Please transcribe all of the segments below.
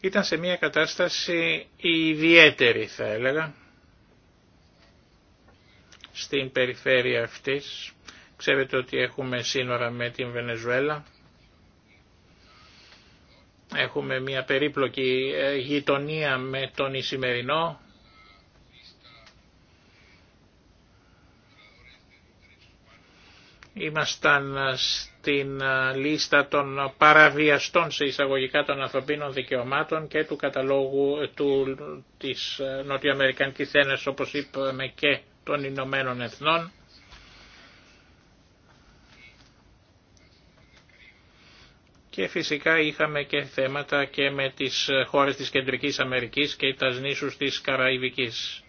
ήταν σε μια κατάσταση ιδιαίτερη θα έλεγα στην περιφέρεια αυτής. Ξέρετε ότι έχουμε σύνορα με την Βενεζουέλα. Έχουμε μια περίπλοκη ε, γειτονία με τον Ισημερινό Ήμασταν στην ε, λίστα των παραβιαστών σε εισαγωγικά των ανθρωπίνων δικαιωμάτων και του καταλόγου του, της ε, Νοτιοαμερικανικής Ένωσης όπως είπαμε και των Ηνωμένων Εθνών. Και φυσικά είχαμε και θέματα και με τις ε, χώρες της Κεντρικής Αμερικής και τα νήσους της Καραϊβικής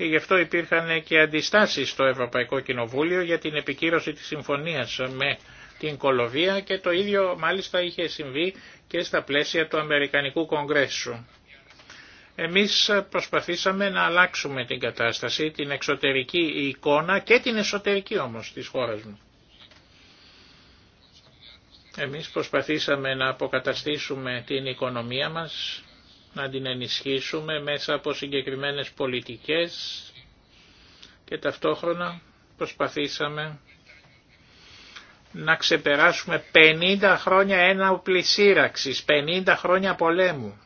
και γι' αυτό υπήρχαν και αντιστάσεις στο Ευρωπαϊκό Κοινοβούλιο για την επικύρωση της συμφωνίας με την Κολοβία και το ίδιο μάλιστα είχε συμβεί και στα πλαίσια του Αμερικανικού Κογκρέσου. Εμείς προσπαθήσαμε να αλλάξουμε την κατάσταση, την εξωτερική εικόνα και την εσωτερική όμως της χώρας μου. Εμείς προσπαθήσαμε να αποκαταστήσουμε την οικονομία μας, να την ενισχύσουμε μέσα από συγκεκριμένες πολιτικές και ταυτόχρονα προσπαθήσαμε να ξεπεράσουμε 50 χρόνια ένα σύραξης, 50 χρόνια πολέμου.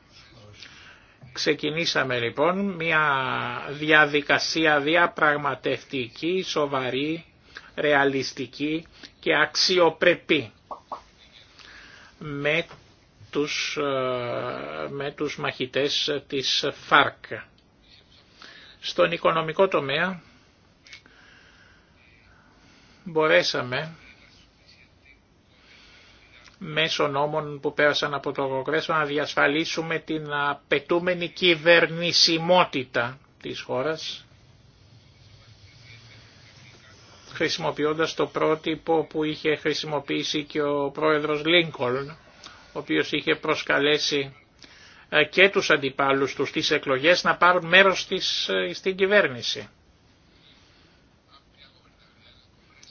Ξεκινήσαμε λοιπόν μια διαδικασία διαπραγματευτική, σοβαρή, ρεαλιστική και αξιοπρεπή με ε, με τους μαχητές της ΦΑΡΚ. Στον οικονομικό τομέα μπορέσαμε μέσω νόμων που πέρασαν από το Κογκρέσο να διασφαλίσουμε την απαιτούμενη κυβερνησιμότητα της χώρας χρησιμοποιώντας το πρότυπο που είχε χρησιμοποιήσει και ο πρόεδρος Λίνκολν ο οποίος είχε προσκαλέσει ε, και τους αντιπάλους τους στις εκλογές να πάρουν μέρος της ε, στην κυβέρνηση.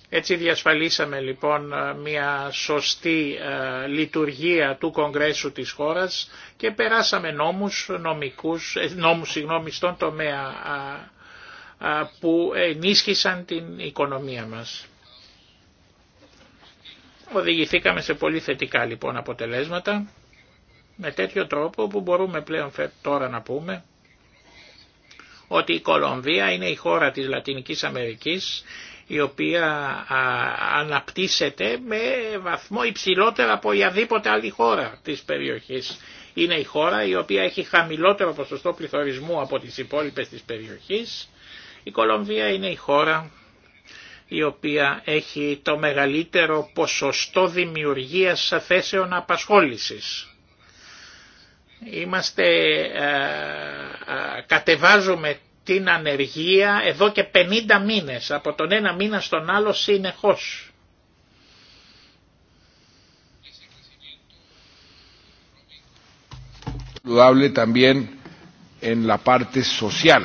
Έτσι διασφαλίσαμε λοιπόν ε, μια σωστή λειτουργία του Κογκρέσου της χώρας και περάσαμε νόμους, νομικούς, νόμους συγγνώμη, στον τομέα που ενίσχυσαν την οικονομία μας. Οδηγηθήκαμε σε πολύ θετικά λοιπόν αποτελέσματα με τέτοιο τρόπο που μπορούμε πλέον τώρα να πούμε ότι η Κολομβία είναι η χώρα της Λατινικής Αμερικής η οποία αναπτύσσεται με βαθμό υψηλότερο από οποιαδήποτε άλλη χώρα της περιοχής. Είναι η χώρα η οποία έχει χαμηλότερο ποσοστό πληθωρισμού από τις υπόλοιπες της περιοχής. Η Κολομβία είναι η χώρα η οποία έχει το μεγαλύτερο ποσοστό δημιουργίας θέσεων απασχόλησης. Είμαστε, ε, ε, κατεβάζουμε την ανεργία εδώ και 50 μήνες, από τον ένα μήνα στον άλλο συνεχώς. también en la parte social.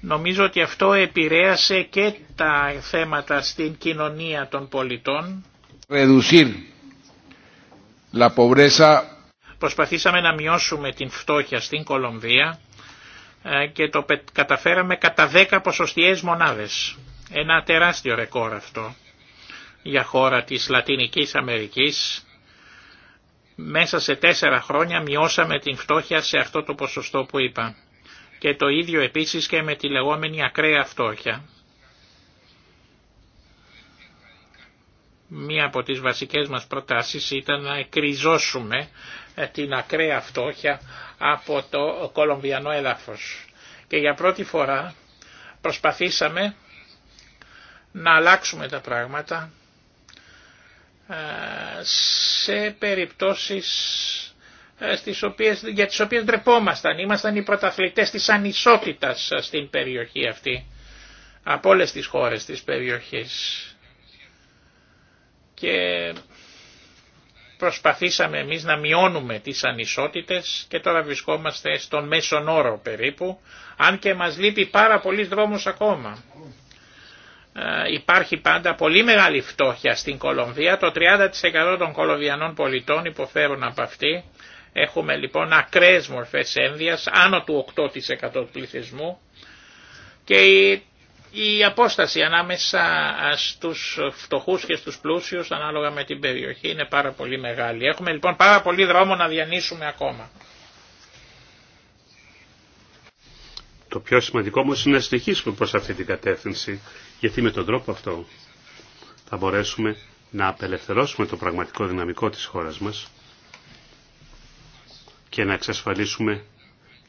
Νομίζω ότι αυτό επηρέασε και τα θέματα στην κοινωνία των πολιτών. La pobreza. Προσπαθήσαμε να μειώσουμε την φτώχεια στην Κολομβία ε, και το καταφέραμε κατά 10 ποσοστιαίες μονάδες. Ένα τεράστιο ρεκόρ αυτό για χώρα της Λατινικής Αμερικής. Μέσα σε τέσσερα χρόνια μειώσαμε την φτώχεια σε αυτό το ποσοστό που είπα και το ίδιο επίσης και με τη λεγόμενη ακραία φτώχεια. Μία από τις βασικές μας προτάσεις ήταν να εκριζώσουμε ε, την ακραία φτώχεια από το κολομβιανό έδαφος. Και για πρώτη φορά προσπαθήσαμε να αλλάξουμε τα πράγματα ε, σε περιπτώσεις ε, για τις οποίες ντρεπόμασταν. Ήμασταν οι πρωταθλητές της ανισότητας στην περιοχή αυτή, από όλες τις χώρες της περιοχής. Και προσπαθήσαμε εμείς να μειώνουμε τις ανισότητες και τώρα βρισκόμαστε στον μέσον όρο περίπου, αν και μας λείπει πάρα πολύ δρόμος ακόμα. Ε, υπάρχει πάντα πολύ μεγάλη φτώχεια στην Κολομβία, το 30% των Κολομβιανών πολιτών υποφέρουν από αυτή Έχουμε λοιπόν ακραίες μορφές ένδυας, άνω του 8% του πληθυσμού και η, απόσταση ανάμεσα στους φτωχούς και στους πλούσιους ανάλογα με την περιοχή είναι πάρα πολύ μεγάλη. Έχουμε λοιπόν πάρα πολύ δρόμο να διανύσουμε ακόμα. Το πιο σημαντικό όμως είναι να συνεχίσουμε προς αυτή την κατεύθυνση, γιατί με τον τρόπο αυτό θα μπορέσουμε να απελευθερώσουμε το πραγματικό δυναμικό της χώρας μας και να εξασφαλίσουμε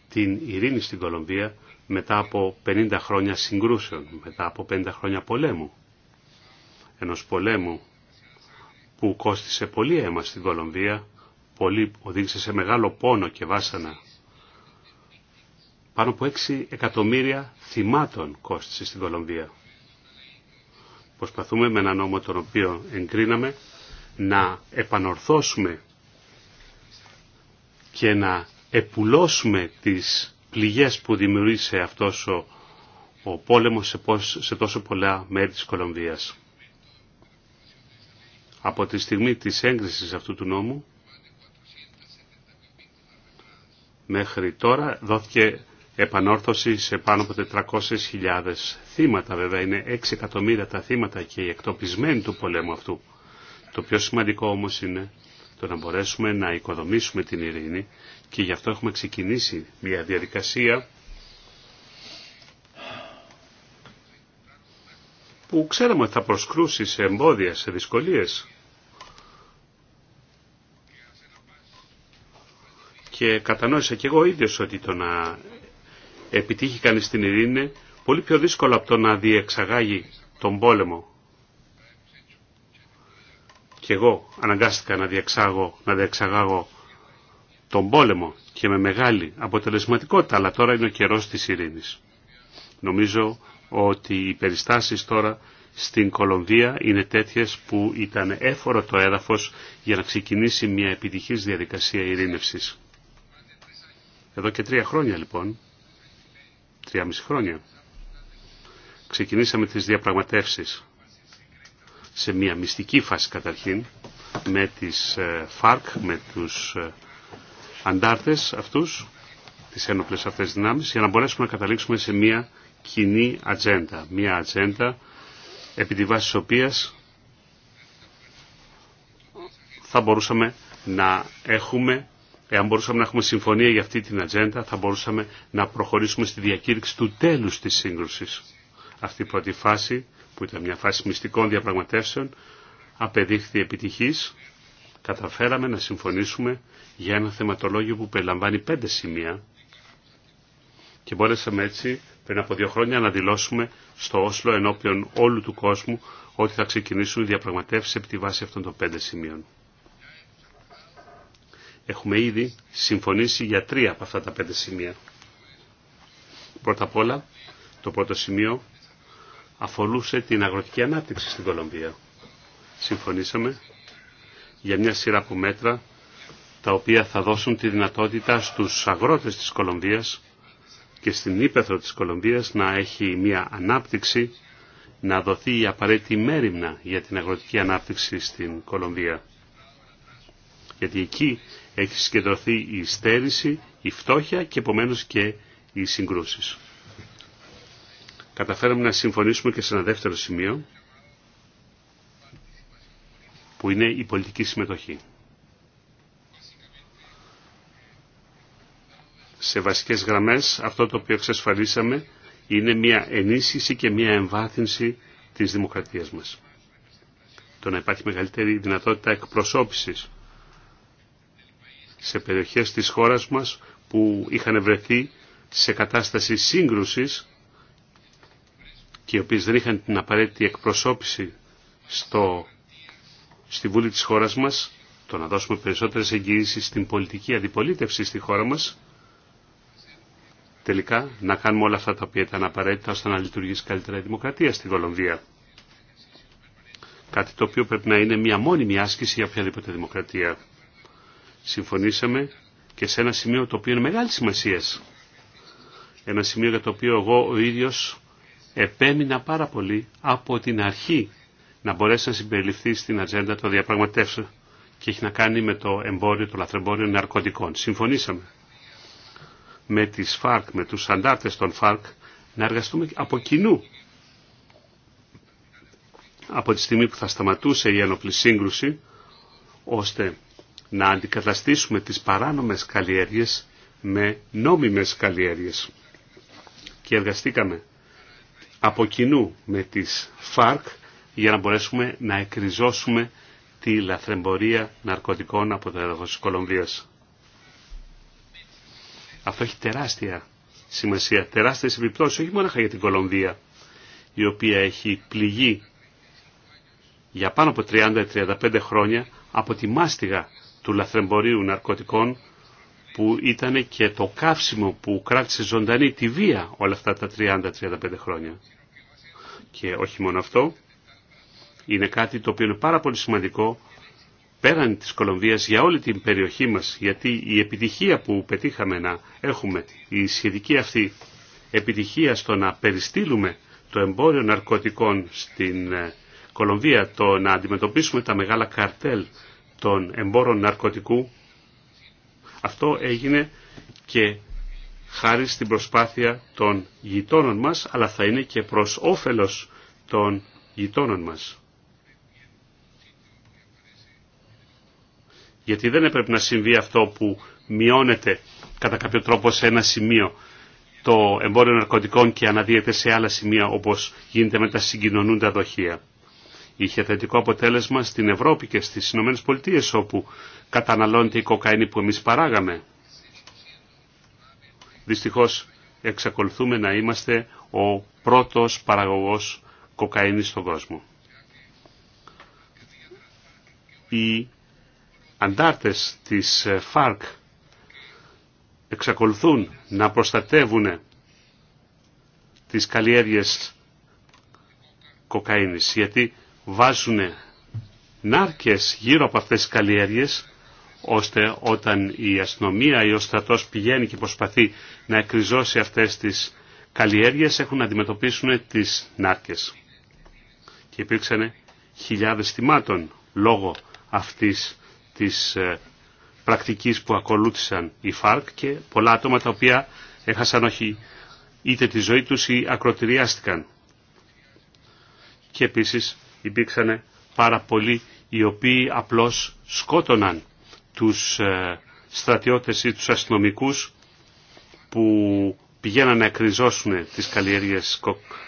την ειρήνη στην Κολομβία μετά από 50 χρόνια συγκρούσεων, μετά από 50 χρόνια πολέμου. Ενός πολέμου που κόστισε πολύ αίμα στην Κολομβία, πολύ, οδήγησε σε μεγάλο πόνο και βάσανα. Πάνω από 6 εκατομμύρια θυμάτων κόστισε στην Κολομβία. Προσπαθούμε με ένα νόμο τον οποίο εγκρίναμε να επανορθώσουμε και να επουλώσουμε τις πληγές που δημιούργησε αυτός ο, ο πόλεμος σε, σε τόσο πολλά μέρη της Κολομβίας. Από τη στιγμή της έγκρισης αυτού του νόμου μέχρι τώρα δόθηκε επανόρθωση σε πάνω από 400.000 θύματα. Βέβαια είναι 6 εκατομμύρια τα θύματα και οι εκτοπισμένοι του πολέμου αυτού. Το πιο σημαντικό όμως είναι το να μπορέσουμε να οικοδομήσουμε την ειρήνη και γι' αυτό έχουμε ξεκινήσει μια διαδικασία που ξέραμε ότι θα προσκρούσει σε εμπόδια, σε δυσκολίες. Και κατανόησα κι εγώ ίδιος ότι το να επιτύχει κανείς την ειρήνη είναι πολύ πιο δύσκολο από το να διεξαγάγει τον πόλεμο και εγώ αναγκάστηκα να διεξάγω, να διεξαγάγω τον πόλεμο και με μεγάλη αποτελεσματικότητα, αλλά τώρα είναι ο καιρός της ειρήνης. Νομίζω ότι οι περιστάσεις τώρα στην Κολομβία είναι τέτοιες που ήταν έφορο το έδαφος για να ξεκινήσει μια επιτυχής διαδικασία ειρήνευσης. Εδώ και τρία χρόνια λοιπόν, τρία μισή χρόνια, ξεκινήσαμε τις διαπραγματεύσεις σε μια μυστική φάση καταρχήν με τις ε, ΦΑΡΚ, με τους ε, αντάρτες αυτούς, τις ένοπλες αυτές δυνάμεις, για να μπορέσουμε να καταλήξουμε σε μια κοινή ατζέντα. Μια ατζέντα επί τη βάση της οποίας θα μπορούσαμε να έχουμε, εάν μπορούσαμε να έχουμε συμφωνία για αυτή την ατζέντα, θα μπορούσαμε να προχωρήσουμε στη διακήρυξη του τέλους της σύγκρουσης. Αυτή η πρώτη φάση που ήταν μια φάση μυστικών διαπραγματεύσεων, απεδείχθη επιτυχής. Καταφέραμε να συμφωνήσουμε για ένα θεματολόγιο που περιλαμβάνει πέντε σημεία και μπόρεσαμε έτσι πριν από δύο χρόνια να δηλώσουμε στο Όσλο ενώπιον όλου του κόσμου ότι θα ξεκινήσουν διαπραγματεύσεις επί τη βάση αυτών των πέντε σημείων. Έχουμε ήδη συμφωνήσει για τρία από αυτά τα πέντε σημεία. Πρώτα απ' όλα, το πρώτο σημείο αφορούσε την αγροτική ανάπτυξη στην Κολομβία. Συμφωνήσαμε για μια σειρά από μέτρα τα οποία θα δώσουν τη δυνατότητα στους αγρότες της Κολομβίας και στην ύπεθρο της Κολομβίας να έχει μια ανάπτυξη, να δοθεί η απαραίτητη μέρημνα για την αγροτική ανάπτυξη στην Κολομβία. Γιατί εκεί έχει συγκεντρωθεί η στέρηση, η φτώχεια και επομένως και οι συγκρούσεις καταφέραμε να συμφωνήσουμε και σε ένα δεύτερο σημείο που είναι η πολιτική συμμετοχή. Σε βασικές γραμμές αυτό το οποίο εξασφαλίσαμε είναι μια ενίσχυση και μια εμβάθυνση της δημοκρατίας μας. Το να υπάρχει μεγαλύτερη δυνατότητα εκπροσώπησης σε περιοχές της χώρας μας που είχαν βρεθεί σε κατάσταση σύγκρουσης και οι οποίες δεν είχαν την απαραίτητη εκπροσώπηση στο, στη Βούλη της χώρας μας, το να δώσουμε περισσότερες εγγυήσεις στην πολιτική αντιπολίτευση στη χώρα μας, τελικά να κάνουμε όλα αυτά τα οποία ήταν απαραίτητα ώστε να λειτουργήσει καλύτερα η δημοκρατία στην Κολομβία. Κάτι το οποίο πρέπει να είναι μια μόνιμη άσκηση για οποιαδήποτε δημοκρατία. Συμφωνήσαμε και σε ένα σημείο το οποίο είναι μεγάλη σημασία. Ένα σημείο για το οποίο εγώ ο ίδιος επέμεινα πάρα πολύ από την αρχή να μπορέσει να συμπεριληφθεί στην ατζέντα των διαπραγματεύσεων και έχει να κάνει με το εμπόριο, το λαθρεμπόριο ναρκωτικών. Συμφωνήσαμε με τις ΦΑΡΚ, με τους αντάρτες των ΦΑΡΚ, να εργαστούμε από κοινού. Από τη στιγμή που θα σταματούσε η ενοπλή σύγκρουση, ώστε να αντικαταστήσουμε τις παράνομες καλλιέργειες με νόμιμες καλλιέργειες. Και εργαστήκαμε από κοινού με τις ΦΑΡΚ για να μπορέσουμε να εκριζώσουμε τη λαθρεμπορία ναρκωτικών από το έδαφος της Κολομβίας. Αυτό έχει τεράστια σημασία, τεράστιες επιπτώσεις, όχι μόνο για την Κολομβία, η οποία έχει πληγεί για πάνω από 30-35 χρόνια από τη μάστιγα του λαθρεμπορίου ναρκωτικών που ήταν και το καύσιμο που κράτησε ζωντανή τη βία όλα αυτά τα 30-35 χρόνια. Και όχι μόνο αυτό, είναι κάτι το οποίο είναι πάρα πολύ σημαντικό πέραν της Κολομβίας για όλη την περιοχή μας, γιατί η επιτυχία που πετύχαμε να έχουμε, η σχετική αυτή επιτυχία στο να περιστύλουμε το εμπόριο ναρκωτικών στην ε, Κολομβία, το να αντιμετωπίσουμε τα μεγάλα καρτέλ των εμπόρων ναρκωτικού, αυτό έγινε και χάρη στην προσπάθεια των γειτόνων μας, αλλά θα είναι και προς όφελος των γειτόνων μας. Γιατί δεν έπρεπε να συμβεί αυτό που μειώνεται κατά κάποιο τρόπο σε ένα σημείο το εμπόριο ναρκωτικών και αναδύεται σε άλλα σημεία όπως γίνεται με τα συγκοινωνούντα δοχεία είχε θετικό αποτέλεσμα στην Ευρώπη και στις Ηνωμένες Πολιτείες όπου καταναλώνεται η κοκαίνη που εμείς παράγαμε. Δυστυχώς εξακολουθούμε να είμαστε ο πρώτος παραγωγός κοκαίνης στον κόσμο. Οι αντάρτες της ε, ΦΑΡΚ εξακολουθούν να προστατεύουν τις καλλιέργειες κοκαίνης, γιατί βάζουν νάρκες γύρω από αυτές τις καλλιέργειες ώστε όταν η αστυνομία ή ο στρατός πηγαίνει και προσπαθεί να εκριζώσει αυτές τις καλλιέργειες έχουν να αντιμετωπίσουν τις νάρκες. Και υπήρξαν χιλιάδες θυμάτων λόγω αυτής της ε, πρακτικής που ακολούθησαν οι ΦΑΡΚ και πολλά άτομα τα οποία έχασαν όχι είτε τη ζωή τους ή ακροτηριάστηκαν. Και επίσης υπήρξαν πάρα πολλοί οι οποίοι απλώς σκότωναν τους ε, στρατιώτες ή τους αστυνομικούς που πηγαίναν να εκριζώσουν τις καλλιέργειες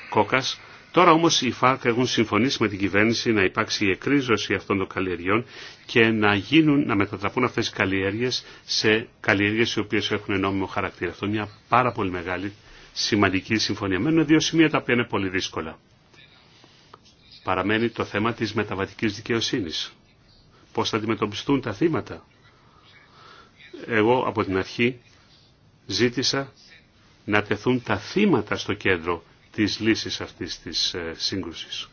κόκας. Τώρα όμως οι ΦΑΡΚ έχουν συμφωνήσει με την κυβέρνηση να υπάρξει η εκρίζωση αυτών των καλλιεργειών και να, γίνουν, να μετατραπούν αυτές οι καλλιέργειες σε καλλιέργειες οι οποίες έχουν νόμιμο χαρακτήρα. Αυτό είναι μια πάρα πολύ μεγάλη σημαντική συμφωνία. Μένουν δύο σημεία τα οποία είναι πολύ δύσκολα παραμένει το θέμα της μεταβατικής δικαιοσύνης. Πώς θα αντιμετωπιστούν τα θύματα. Εγώ από την αρχή ζήτησα να τεθούν τα θύματα στο κέντρο της λύσης αυτής της ε, σύγκρουσης.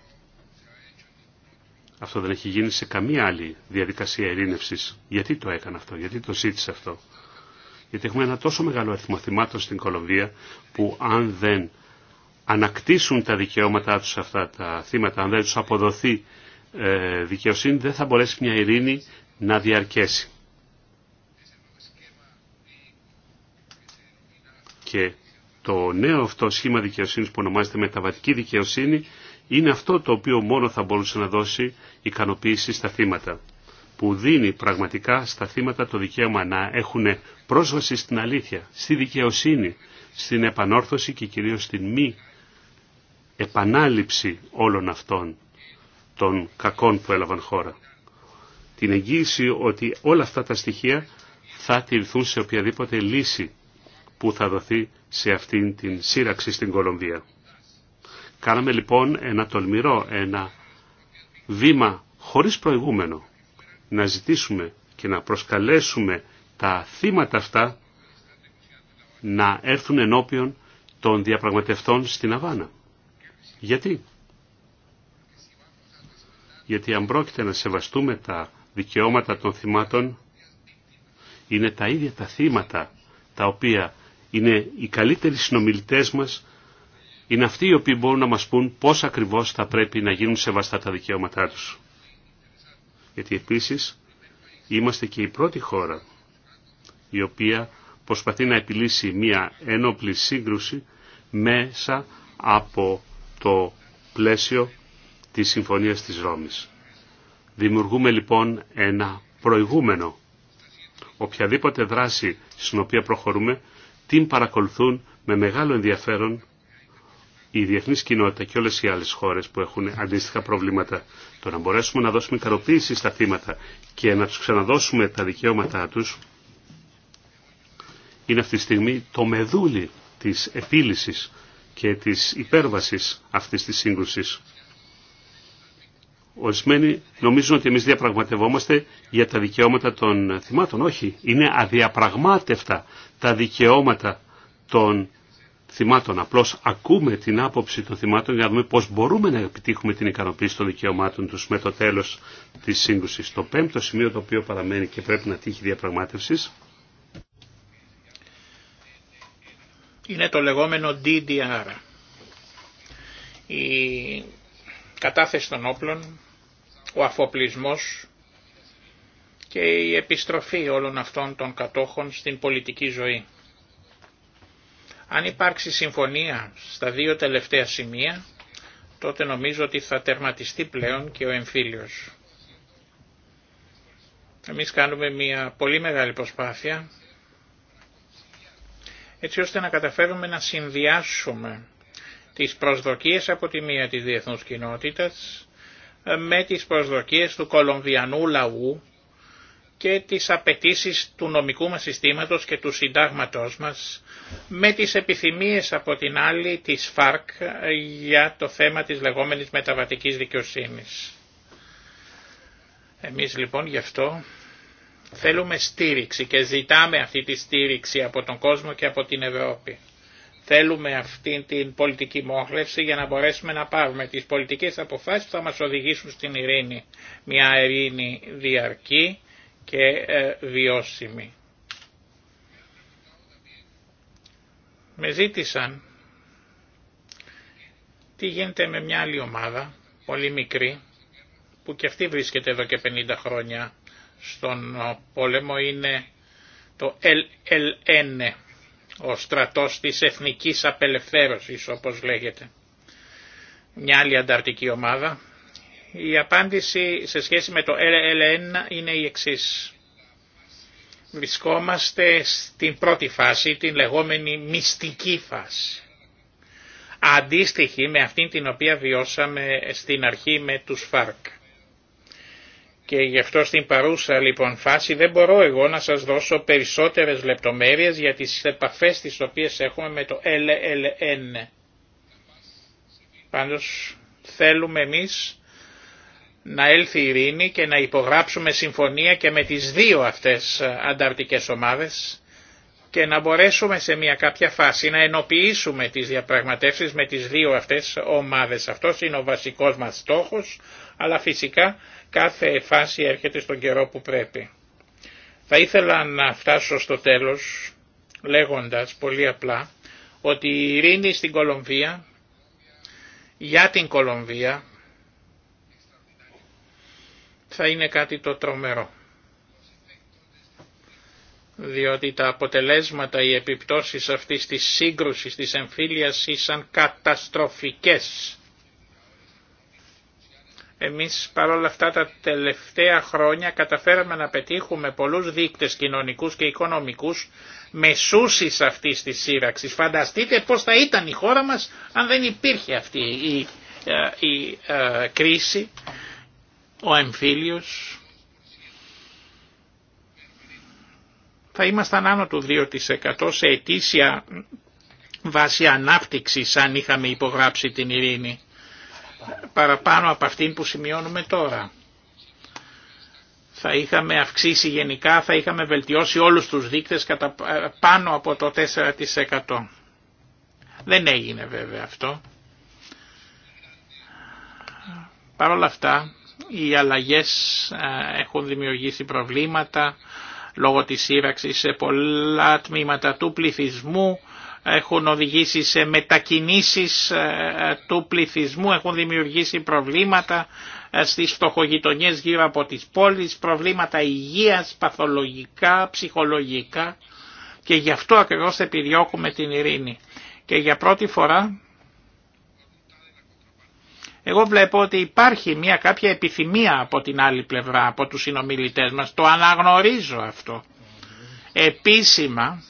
Αυτό δεν έχει γίνει σε καμία άλλη διαδικασία ειρήνευσης. Γιατί το έκανα αυτό, γιατί το ζήτησε αυτό. Γιατί έχουμε ένα τόσο μεγάλο αριθμό θυμάτων στην Κολομβία που αν δεν ανακτήσουν τα δικαιώματά τους αυτά τα θύματα, αν δεν τους αποδοθεί ε, δικαιοσύνη, δεν θα μπορέσει μια ειρήνη να διαρκέσει. Και το νέο αυτό σχήμα δικαιοσύνης που ονομάζεται μεταβατική δικαιοσύνη είναι αυτό το οποίο μόνο θα μπορούσε να δώσει ικανοποίηση στα θύματα που δίνει πραγματικά στα θύματα το δικαίωμα να έχουν πρόσβαση στην αλήθεια, στη δικαιοσύνη, στην επανόρθωση και κυρίως στην μη επανάληψη όλων αυτών των κακών που έλαβαν χώρα. Την εγγύηση ότι όλα αυτά τα στοιχεία θα τηρηθούν σε οποιαδήποτε λύση που θα δοθεί σε αυτήν την σύραξη στην Κολομβία. Κάναμε λοιπόν ένα τολμηρό, ένα βήμα χωρίς προηγούμενο να ζητήσουμε και να προσκαλέσουμε τα θύματα αυτά να έρθουν ενώπιον των διαπραγματευτών στην Αβάνα. Γιατί? Γιατί αν πρόκειται να σεβαστούμε τα δικαιώματα των θυμάτων, είναι τα ίδια τα θύματα τα οποία είναι οι καλύτεροι συνομιλητές μας, είναι αυτοί οι οποίοι μπορούν να μας πούν πώς ακριβώς θα πρέπει να γίνουν σεβαστά τα δικαιώματά τους. Γιατί επίσης είμαστε και η πρώτη χώρα η οποία προσπαθεί να επιλύσει μια ένοπλη σύγκρουση μέσα από το πλαίσιο της Συμφωνίας της Ρώμης. Δημιουργούμε λοιπόν ένα προηγούμενο. Οποιαδήποτε δράση στην οποία προχωρούμε, την παρακολουθούν με μεγάλο ενδιαφέρον η διεθνή κοινότητα και όλες οι άλλες χώρες που έχουν αντίστοιχα προβλήματα. Το να μπορέσουμε να δώσουμε ικανοποίηση στα θύματα και να του ξαναδώσουμε τα δικαιώματά τους είναι αυτή τη στιγμή το μεδούλι της επίλυση και της υπέρβασης αυτής της σύγκρουσης. Ορισμένοι νομίζουν ότι εμείς διαπραγματευόμαστε για τα δικαιώματα των θυμάτων. Όχι, είναι αδιαπραγμάτευτα τα δικαιώματα των θυμάτων. Απλώς ακούμε την άποψη των θυμάτων για να δούμε πώς μπορούμε να επιτύχουμε την ικανοποίηση των δικαιωμάτων τους με το τέλος της σύγκρουσης. Το πέμπτο σημείο το οποίο παραμένει και πρέπει να τύχει διαπραγμάτευσης είναι το λεγόμενο DDR. Η κατάθεση των όπλων, ο αφοπλισμός και η επιστροφή όλων αυτών των κατόχων στην πολιτική ζωή. Αν υπάρξει συμφωνία στα δύο τελευταία σημεία, τότε νομίζω ότι θα τερματιστεί πλέον και ο εμφύλιος. Εμείς κάνουμε μια πολύ μεγάλη προσπάθεια έτσι ώστε να καταφέρουμε να συνδυάσουμε τις προσδοκίες από τη μία της διεθνούς κοινότητας ε, με τις προσδοκίες του Κολομβιανού λαού και τις απαιτήσει του νομικού μας συστήματος και του συντάγματός μας με τις επιθυμίες από την άλλη της ΦΑΡΚ ε, για το θέμα της λεγόμενης μεταβατικής δικαιοσύνης. Εμείς λοιπόν γι' αυτό Θέλουμε στήριξη και ζητάμε αυτή τη στήριξη από τον κόσμο και από την Ευρώπη. Θέλουμε αυτή την πολιτική μόχλευση για να μπορέσουμε να πάρουμε τις πολιτικές αποφάσεις που θα μας οδηγήσουν στην ειρήνη. Μια ειρήνη διαρκή και ε, βιώσιμη. Με ζήτησαν τι γίνεται με μια άλλη ομάδα, πολύ μικρή, που και αυτή βρίσκεται εδώ και 50 χρόνια στον πόλεμο είναι το LLN, ο στρατός της Εθνικής Απελευθέρωσης όπως λέγεται. Μια άλλη ανταρτική ομάδα. Η απάντηση σε σχέση με το LLN είναι η εξής. Βρισκόμαστε στην πρώτη φάση, την λεγόμενη μυστική φάση. Αντίστοιχη με αυτήν την οποία βιώσαμε στην αρχή με τους ΦΑΡΚ. Και γι' αυτό στην παρούσα λοιπόν φάση δεν μπορώ εγώ να σας δώσω περισσότερες λεπτομέρειες για τις επαφές τις οποίες έχουμε με το LLN. Πάντως θέλουμε εμείς να έλθει η ειρήνη και να υπογράψουμε συμφωνία και με τις δύο αυτές ανταρτικές ομάδες και να μπορέσουμε σε μια κάποια φάση να ενοποιήσουμε τις διαπραγματεύσεις με τις δύο αυτές ομάδες. Αυτός είναι ο βασικός μας στόχος, αλλά φυσικά κάθε φάση έρχεται στον καιρό που πρέπει. Θα ήθελα να φτάσω στο τέλος λέγοντας πολύ απλά ότι η ειρήνη στην Κολομβία, για την Κολομβία, θα είναι κάτι το τρομερό. Διότι τα αποτελέσματα, οι επιπτώσεις αυτής της σύγκρουσης, της εμφύλιας ήσαν καταστροφικές εμείς παρόλα αυτά τα τελευταία χρόνια καταφέραμε να πετύχουμε πολλούς δείκτες κοινωνικούς και οικονομικούς μεσούσεις αυτής της σύραξης. Φανταστείτε πώς θα ήταν η χώρα μας αν δεν υπήρχε αυτή η, ε, ε, κρίση, ο εμφύλιος. Θα ήμασταν άνω του 2% σε ετήσια βάση ανάπτυξης αν είχαμε υπογράψει την ειρήνη παραπάνω από αυτήν που σημειώνουμε τώρα. Θα είχαμε αυξήσει γενικά, θα είχαμε βελτιώσει όλους τους δείκτες κατά πάνω από το 4%. Δεν έγινε βέβαια αυτό. Παρ' όλα αυτά οι αλλαγές έχουν δημιουργήσει προβλήματα λόγω της σύραξης σε πολλά τμήματα του πληθυσμού έχουν οδηγήσει σε μετακινήσεις ε, του πληθυσμού, έχουν δημιουργήσει προβλήματα ε, στις φτωχογειτονιές γύρω από τις πόλεις, προβλήματα υγείας, παθολογικά, ψυχολογικά και γι' αυτό ακριβώς επιδιώκουμε την ειρήνη. Και για πρώτη φορά εγώ βλέπω ότι υπάρχει μια κάποια επιθυμία από την άλλη πλευρά, από τους συνομιλητές μας. Το αναγνωρίζω αυτό. Επίσημα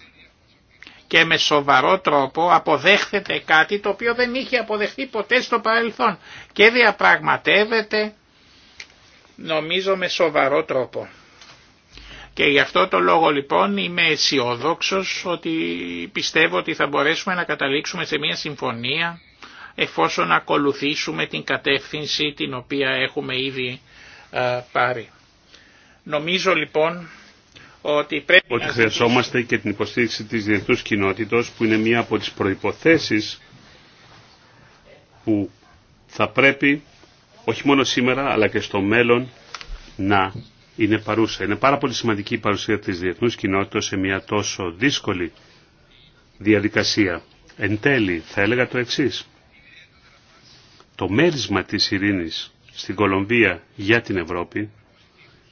και με σοβαρό τρόπο αποδέχεται κάτι το οποίο δεν είχε αποδεχθεί ποτέ στο παρελθόν και διαπραγματεύεται νομίζω με σοβαρό τρόπο. Και γι' αυτό το λόγο λοιπόν είμαι αισιόδοξο ότι πιστεύω ότι θα μπορέσουμε να καταλήξουμε σε μια συμφωνία εφόσον ακολουθήσουμε την κατεύθυνση την οποία έχουμε ήδη ε, πάρει. Νομίζω λοιπόν ότι πρέπει χρειαζόμαστε και την υποστήριξη της διεθνούς κοινότητος που είναι μία από τις προϋποθέσεις που θα πρέπει όχι μόνο σήμερα αλλά και στο μέλλον να είναι παρούσα. Είναι πάρα πολύ σημαντική η παρουσία της διεθνούς κοινότητας σε μια τόσο δύσκολη διαδικασία. Εν τέλει θα έλεγα το εξής. Το μέρισμα της ειρήνης στην Κολομβία για την Ευρώπη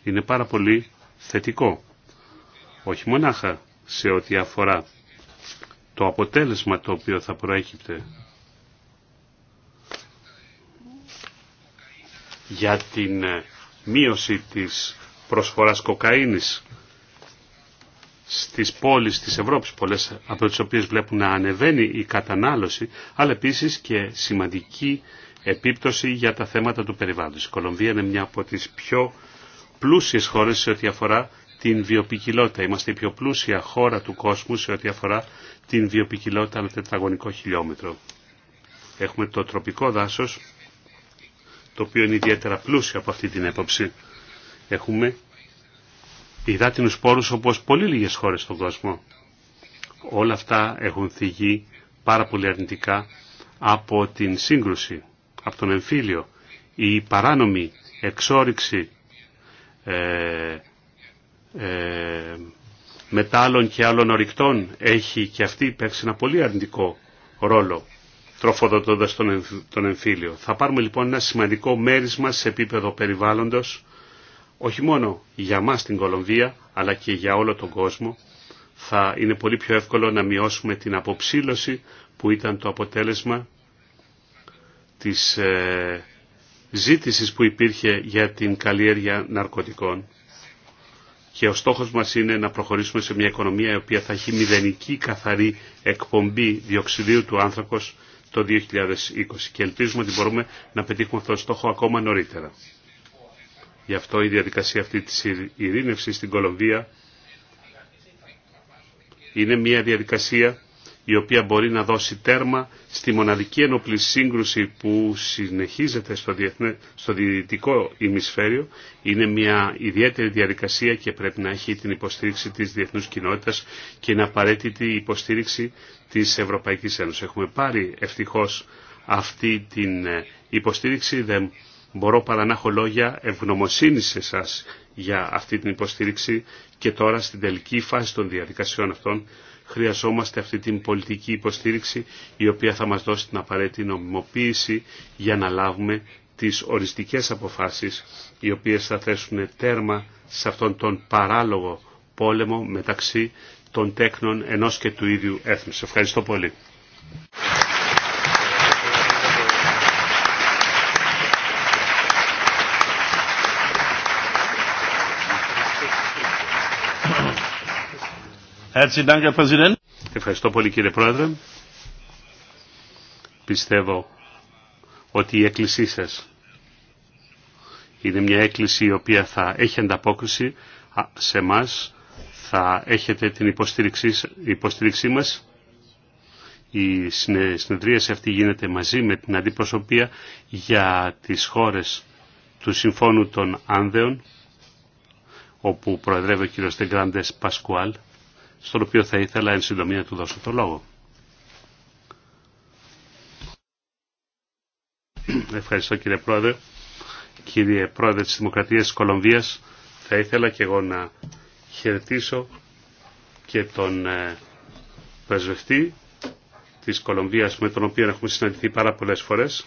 είναι πάρα πολύ θετικό όχι μονάχα σε ό,τι αφορά το αποτέλεσμα το οποίο θα προέκυπτε για την ε, μείωση της προσφοράς κοκαίνης στις πόλεις της Ευρώπης, πολλές από τις οποίες βλέπουν να ανεβαίνει η κατανάλωση, αλλά επίσης και σημαντική επίπτωση για τα θέματα του περιβάλλοντος. Η Κολομβία είναι μια από τις πιο πλούσιες χώρες σε ό,τι αφορά την βιοπικιλότητα. Είμαστε η πιο πλούσια χώρα του κόσμου σε ό,τι αφορά την βιοπικιλότητα με τετραγωνικό χιλιόμετρο. Έχουμε το τροπικό δάσος, το οποίο είναι ιδιαίτερα πλούσιο από αυτή την έποψη. Έχουμε υδάτινους πόρους όπως πολύ λίγες χώρες στον κόσμο. Όλα αυτά έχουν θυγεί πάρα πολύ αρνητικά από την σύγκρουση, από τον εμφύλιο, η παράνομη εξόριξη ε, ε, μετάλλων και άλλων ορυκτών έχει και αυτή παίξει ένα πολύ αρνητικό ρόλο τροφοδοτώντας τον, τον εμφύλιο. Θα πάρουμε λοιπόν ένα σημαντικό μέρισμα σε επίπεδο περιβάλλοντος όχι μόνο για μας την Κολομβία αλλά και για όλο τον κόσμο θα είναι πολύ πιο εύκολο να μειώσουμε την αποψήλωση που ήταν το αποτέλεσμα της ε, ζήτησης που υπήρχε για την καλλιέργεια ναρκωτικών και ο στόχος μας είναι να προχωρήσουμε σε μια οικονομία η οποία θα έχει μηδενική καθαρή εκπομπή διοξιδίου του άνθρακος το 2020 και ελπίζουμε ότι μπορούμε να πετύχουμε αυτό το στόχο ακόμα νωρίτερα. Γι' αυτό η διαδικασία αυτή της ειρήνευσης στην Κολομβία είναι μια διαδικασία η οποία μπορεί να δώσει τέρμα στη μοναδική ενοπλή σύγκρουση που συνεχίζεται στο, διεθνέ, στο δυτικό ημισφαίριο. Είναι μια ιδιαίτερη διαδικασία και πρέπει να έχει την υποστήριξη της διεθνούς κοινότητας και είναι απαραίτητη η υποστήριξη της Ευρωπαϊκής Ένωσης. Έχουμε πάρει ευτυχώς αυτή την ε, υποστήριξη. Δεν μπορώ παρά να έχω λόγια ευγνωμοσύνη σε εσά για αυτή την υποστήριξη και τώρα στην τελική φάση των διαδικασιών αυτών χρειαζόμαστε αυτή την πολιτική υποστήριξη η οποία θα μας δώσει την απαραίτητη νομιμοποίηση για να λάβουμε τις οριστικές αποφάσεις οι οποίες θα θέσουν τέρμα σε αυτόν τον παράλογο πόλεμο μεταξύ των τέκνων ενός και του ίδιου έθνους. Ευχαριστώ πολύ. Ευχαριστώ πολύ κύριε Πρόεδρε. Πιστεύω ότι η έκκλησή σας είναι μια έκκληση η οποία θα έχει ανταπόκριση σε εμά, θα έχετε την υποστήριξή, υποστήριξή μας. Η σε αυτή γίνεται μαζί με την αντιπροσωπεία για τις χώρες του Συμφώνου των Άνδεων, όπου προεδρεύει ο κύριος Τεγκράντες Πασκουάλ στον οποίο θα ήθελα εν συντομία του δώσω το λόγο. Ευχαριστώ κύριε Πρόεδρε. Κύριε Πρόεδρε της Δημοκρατίας της Κολομβίας, θα ήθελα και εγώ να χαιρετήσω και τον ε, πρεσβευτή της Κολομβίας με τον οποίο έχουμε συναντηθεί πάρα πολλές φορές.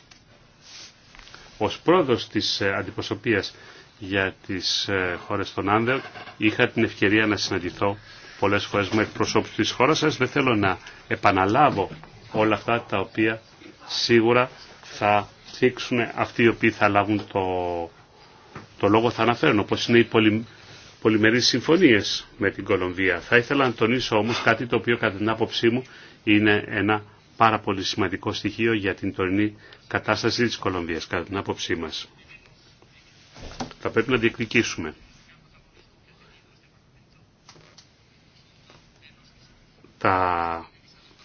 Ως πρόεδρος της ε, αντιπροσωπείας για τις ε, χώρες των Άνδελ είχα την ευκαιρία να συναντηθώ πολλές φορές με εκπροσώπους της χώρας σας. Δεν θέλω να επαναλάβω όλα αυτά τα οποία σίγουρα θα θίξουν αυτοί οι οποίοι θα λάβουν το, το λόγο θα αναφέρουν, όπως είναι οι πολυ, πολυμερείς συμφωνίες με την Κολομβία. Θα ήθελα να τονίσω όμως κάτι το οποίο κατά την άποψή μου είναι ένα πάρα πολύ σημαντικό στοιχείο για την τωρινή κατάσταση της Κολομβίας, κατά την άποψή μας. Θα πρέπει να διεκδικήσουμε τα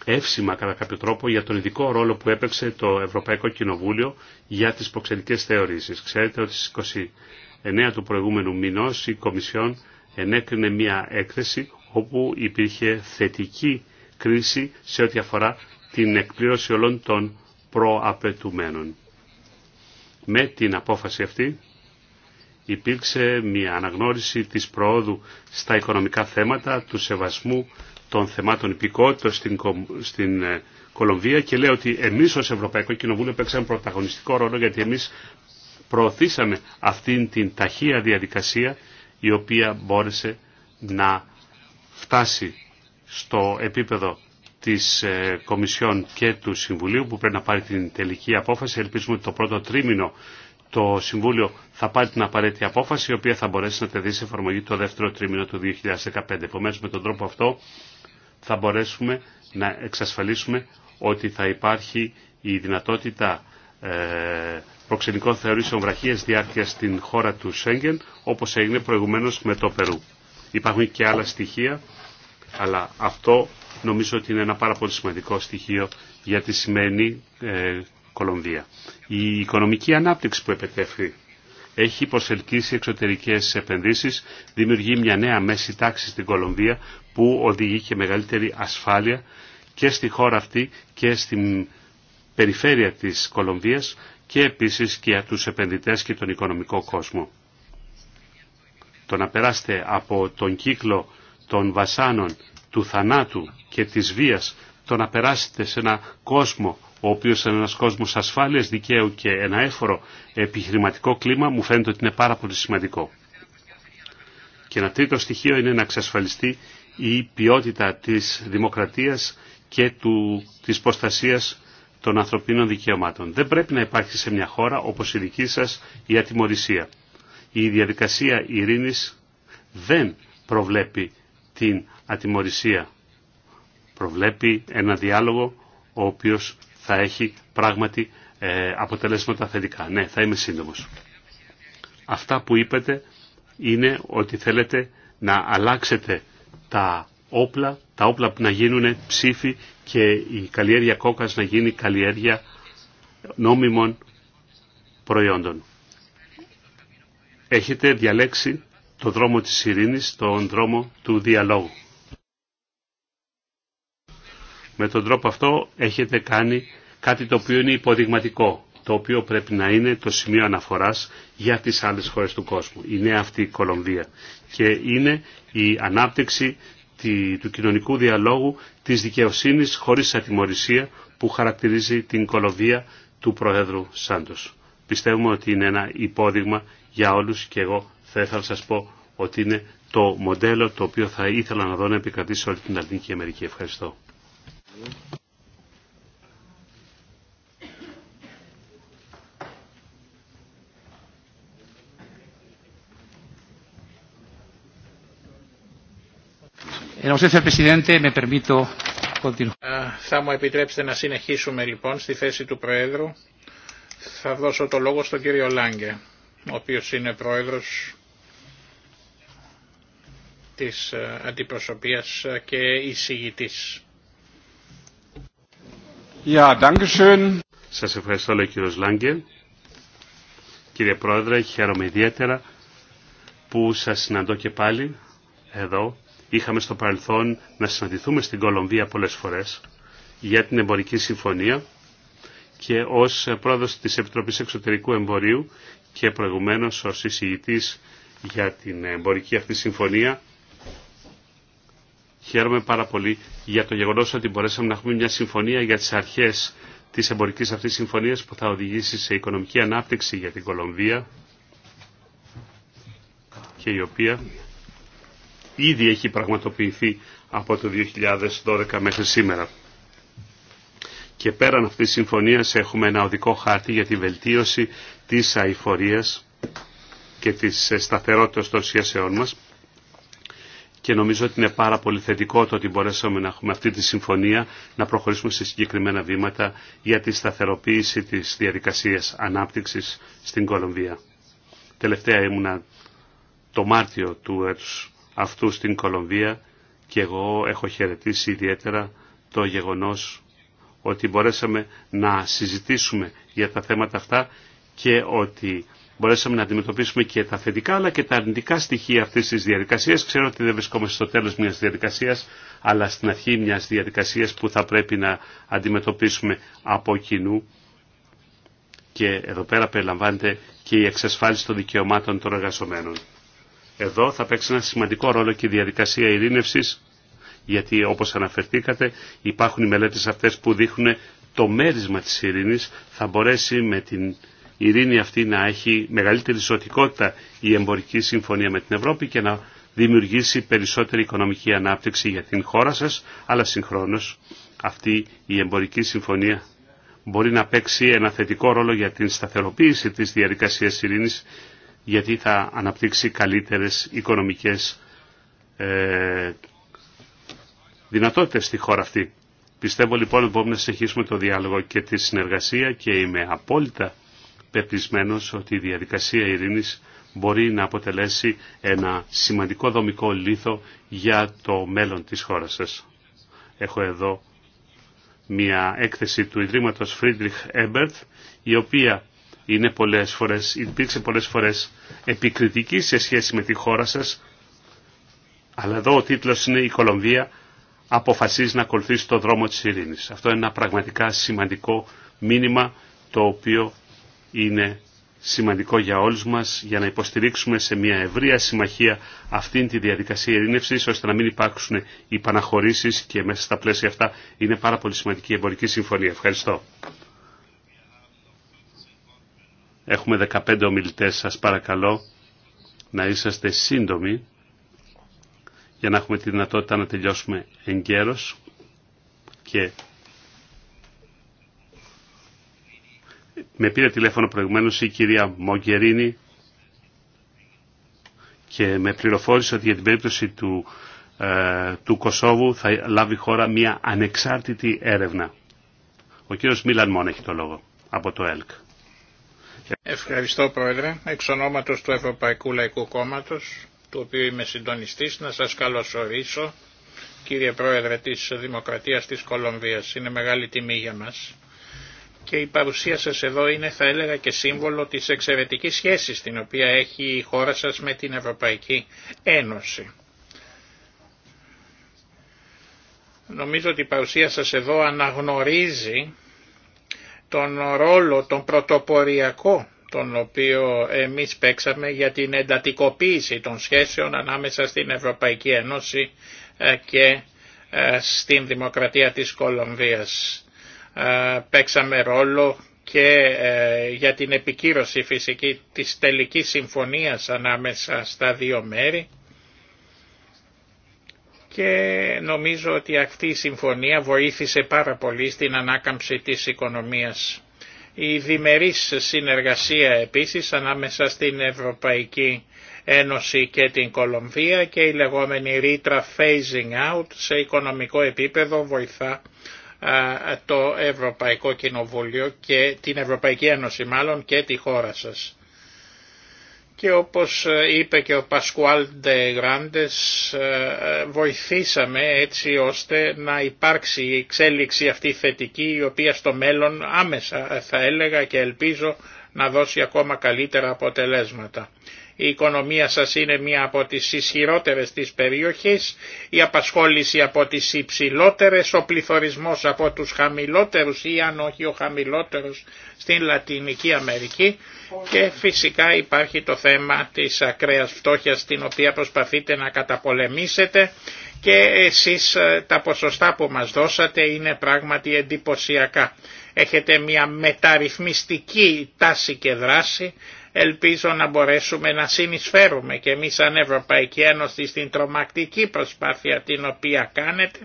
εύσημα κατά κάποιο τρόπο για τον ειδικό ρόλο που έπαιξε το Ευρωπαϊκό Κοινοβούλιο για τις προξενικές θεωρήσεις. Ξέρετε ότι στις 29 του προηγούμενου μηνός η Κομισιόν ενέκρινε μια έκθεση όπου υπήρχε θετική κρίση σε ό,τι αφορά την εκπλήρωση όλων των προαπαιτουμένων. Με την απόφαση αυτή υπήρξε μια αναγνώριση της προόδου στα οικονομικά θέματα, του σεβασμού των θεμάτων υπηκότητα στην, στην ε, Κολομβία και λέω ότι εμεί ω Ευρωπαϊκό Κοινοβούλιο παίξαμε πρωταγωνιστικό ρόλο γιατί εμείς προωθήσαμε αυτήν την ταχεία διαδικασία η οποία μπόρεσε να φτάσει στο επίπεδο της ε, Κομισιόν και του Συμβουλίου που πρέπει να πάρει την τελική απόφαση. Ελπίζουμε ότι το πρώτο τρίμηνο το Συμβούλιο θα πάρει την απαραίτητη απόφαση η οποία θα μπορέσει να τεθεί σε εφαρμογή το δεύτερο τρίμηνο του 2015. Επομένως με τον τρόπο αυτό θα μπορέσουμε να εξασφαλίσουμε ότι θα υπάρχει η δυνατότητα ε, προξενικών θεωρήσεων βραχίες διάρκειας στην χώρα του Σέγγεν, όπως έγινε προηγουμένως με το Περού. Υπάρχουν και άλλα στοιχεία, αλλά αυτό νομίζω ότι είναι ένα πάρα πολύ σημαντικό στοιχείο για τη σημαίνει Κολομβία. Η οικονομική ανάπτυξη που επετέφθη έχει προσελκύσει εξωτερικές επενδύσεις, δημιουργεί μια νέα μέση τάξη στην Κολομβία που οδηγεί και μεγαλύτερη ασφάλεια και στη χώρα αυτή και στην περιφέρεια της Κολομβίας και επίσης και για τους επενδυτές και τον οικονομικό κόσμο. Το να περάσετε από τον κύκλο των βασάνων, του θανάτου και της βίας, το να περάσετε σε ένα κόσμο ο οποίος είναι ένας κόσμος ασφάλειας, δικαίου και ένα έφορο επιχειρηματικό κλίμα, μου φαίνεται ότι είναι πάρα πολύ σημαντικό. Και ένα τρίτο στοιχείο είναι να εξασφαλιστεί η ποιότητα της δημοκρατίας και του, της προστασίας των ανθρωπίνων δικαιωμάτων. Δεν πρέπει να υπάρχει σε μια χώρα όπως η δική σας η ατιμορρησία. Η διαδικασία ειρήνης δεν προβλέπει την ατιμορρησία. Προβλέπει ένα διάλογο ο οποίος θα έχει πράγματι ε, αποτελέσματα θετικά. Ναι, θα είμαι σύντομος. Αυτά που είπατε είναι ότι θέλετε να αλλάξετε τα όπλα, τα όπλα που να γίνουν ψήφοι και η καλλιέργεια κόκας να γίνει καλλιέργεια νόμιμων προϊόντων. Έχετε διαλέξει το δρόμο της ειρήνης, τον δρόμο του διαλόγου. Με τον τρόπο αυτό έχετε κάνει κάτι το οποίο είναι υποδειγματικό, το οποίο πρέπει να είναι το σημείο αναφοράς για τις άλλες χώρες του κόσμου. Είναι αυτή η Κολομβία και είναι η ανάπτυξη του κοινωνικού διαλόγου, της δικαιοσύνης χωρίς ατιμορρησία που χαρακτηρίζει την Κολομβία του Προέδρου Σάντος. Πιστεύουμε ότι είναι ένα υπόδειγμα για όλους και εγώ θα ήθελα να σας πω ότι είναι το μοντέλο το οποίο θα ήθελα να δω να επικρατήσει όλη την Αλληνική Αμερική. Ευχαριστώ. Θα μου επιτρέψετε να συνεχίσουμε λοιπόν στη θέση του Προέδρου. Θα δώσω το λόγο στον κύριο Λάγκε, ο οποίος είναι Πρόεδρος της ε, Αντιπροσωπείας και εισηγητής. Ja, danke Σας ευχαριστώ, λέει ο κύριος Λάγκε. Κύριε Πρόεδρε, χαίρομαι ιδιαίτερα που σας συναντώ και πάλι εδώ. Είχαμε στο παρελθόν να συναντηθούμε στην Κολομβία πολλές φορές για την εμπορική συμφωνία και ως πρόεδρος της Επιτροπής Εξωτερικού Εμπορίου και προηγουμένως ως εισηγητής για την εμπορική αυτή συμφωνία Χαίρομαι πάρα πολύ για το γεγονός ότι μπορέσαμε να έχουμε μια συμφωνία για τις αρχές της εμπορική αυτής συμφωνία που θα οδηγήσει σε οικονομική ανάπτυξη για την Κολομβία και η οποία ήδη έχει πραγματοποιηθεί από το 2012 μέχρι σήμερα. Και πέραν αυτής τη συμφωνίας έχουμε ένα οδικό χάρτη για τη βελτίωση της αηφορίας και της σταθερότητας των σχέσεών μας και νομίζω ότι είναι πάρα πολύ θετικό το ότι μπορέσαμε να έχουμε αυτή τη συμφωνία να προχωρήσουμε σε συγκεκριμένα βήματα για τη σταθεροποίηση της διαδικασίας ανάπτυξης στην Κολομβία. Τελευταία ήμουνα το Μάρτιο του έτου αυτού στην Κολομβία και εγώ έχω χαιρετήσει ιδιαίτερα το γεγονός ότι μπορέσαμε να συζητήσουμε για τα θέματα αυτά και ότι μπορέσαμε να αντιμετωπίσουμε και τα θετικά αλλά και τα αρνητικά στοιχεία αυτή τη διαδικασία. Ξέρω ότι δεν βρισκόμαστε στο τέλο μια διαδικασία, αλλά στην αρχή μια διαδικασία που θα πρέπει να αντιμετωπίσουμε από κοινού. Και εδώ πέρα περιλαμβάνεται και η εξασφάλιση των δικαιωμάτων των εργαζομένων. Εδώ θα παίξει ένα σημαντικό ρόλο και η διαδικασία ειρήνευση, γιατί όπω αναφερθήκατε υπάρχουν οι μελέτε αυτέ που δείχνουν το μέρισμα τη ειρήνη θα μπορέσει με την η ειρήνη αυτή να έχει μεγαλύτερη ζωτικότητα η εμπορική συμφωνία με την Ευρώπη και να δημιουργήσει περισσότερη οικονομική ανάπτυξη για την χώρα σας, αλλά συγχρόνως αυτή η εμπορική συμφωνία μπορεί να παίξει ένα θετικό ρόλο για την σταθεροποίηση της διαδικασία ειρήνης, γιατί θα αναπτύξει καλύτερες οικονομικές ε, δυνατότητες στη χώρα αυτή. Πιστεύω λοιπόν ότι μπορούμε να συνεχίσουμε το διάλογο και τη συνεργασία και είμαι απόλυτα πεπισμένος ότι η διαδικασία ειρήνης μπορεί να αποτελέσει ένα σημαντικό δομικό λίθο για το μέλλον της χώρας σας. Έχω εδώ μια έκθεση του Ιδρύματος Φρίντριχ Έμπερτ, η οποία είναι πολλές φορές, υπήρξε πολλές φορές επικριτική σε σχέση με τη χώρα σας, αλλά εδώ ο τίτλος είναι «Η Κολομβία αποφασίζει να ακολουθήσει το δρόμο της ειρήνης». Αυτό είναι ένα πραγματικά σημαντικό μήνυμα το οποίο είναι σημαντικό για όλους μας για να υποστηρίξουμε σε μια ευρεία συμμαχία αυτήν τη διαδικασία ειρήνευσης ώστε να μην υπάρξουν οι και μέσα στα πλαίσια αυτά είναι πάρα πολύ σημαντική η εμπορική συμφωνία. Ευχαριστώ. Έχουμε 15 ομιλητές, σας παρακαλώ να είσαστε σύντομοι για να έχουμε τη δυνατότητα να τελειώσουμε εγκαίρως και με πήρε τηλέφωνο προηγουμένως η κυρία Μογκερίνη και με πληροφόρησε ότι για την περίπτωση του, ε, του Κωσόβου θα λάβει χώρα μια ανεξάρτητη έρευνα. Ο κύριος Μίλαν Μόν έχει το λόγο από το ΕΛΚ. Ευχαριστώ Πρόεδρε. Εξ ονόματος του Ευρωπαϊκού Λαϊκού Κόμματος, του οποίου είμαι συντονιστής, να σας καλωσορίσω, κύριε Πρόεδρε της Δημοκρατίας της Κολομβίας. Είναι μεγάλη τιμή για μας και η παρουσία σας εδώ είναι θα έλεγα και σύμβολο της εξαιρετικής σχέσης την οποία έχει η χώρα σας με την Ευρωπαϊκή Ένωση. Νομίζω ότι η παρουσία σας εδώ αναγνωρίζει τον ρόλο, τον πρωτοποριακό τον οποίο εμείς παίξαμε για την εντατικοποίηση των σχέσεων ανάμεσα στην Ευρωπαϊκή Ένωση ε, και ε, στην Δημοκρατία της Κολομβίας. Ε, παίξαμε ρόλο και ε, για την επικύρωση φυσική της τελικής συμφωνίας ανάμεσα στα δύο μέρη και νομίζω ότι αυτή η συμφωνία βοήθησε πάρα πολύ στην ανάκαμψη της οικονομίας. Η διμερής συνεργασία επίσης ανάμεσα στην Ευρωπαϊκή Ένωση και την Κολομβία και η λεγόμενη ρήτρα phasing out σε οικονομικό επίπεδο βοηθά το Ευρωπαϊκό Κοινοβούλιο και την Ευρωπαϊκή Ένωση μάλλον και τη χώρα σας. Και όπως είπε και ο Πασκουάλ Ντε Γράντες, βοηθήσαμε έτσι ώστε να υπάρξει η εξέλιξη αυτή θετική η οποία στο μέλλον άμεσα θα έλεγα και ελπίζω να δώσει ακόμα καλύτερα αποτελέσματα η οικονομία σας είναι μία από τις ισχυρότερες της περιοχής, η απασχόληση από τις υψηλότερες, ο πληθωρισμός από τους χαμηλότερους ή αν όχι ο χαμηλότερος στην Λατινική Αμερική και φυσικά υπάρχει το θέμα της ακραίας φτώχειας την οποία προσπαθείτε να καταπολεμήσετε και εσείς ε, τα ποσοστά που μας δώσατε είναι πράγματι εντυπωσιακά. Έχετε μια μεταρρυθμιστική τάση και δράση Ελπίζω να μπορέσουμε να συνεισφέρουμε και εμείς σαν Ευρωπαϊκή Ένωση στην τρομακτική προσπάθεια την οποία κάνετε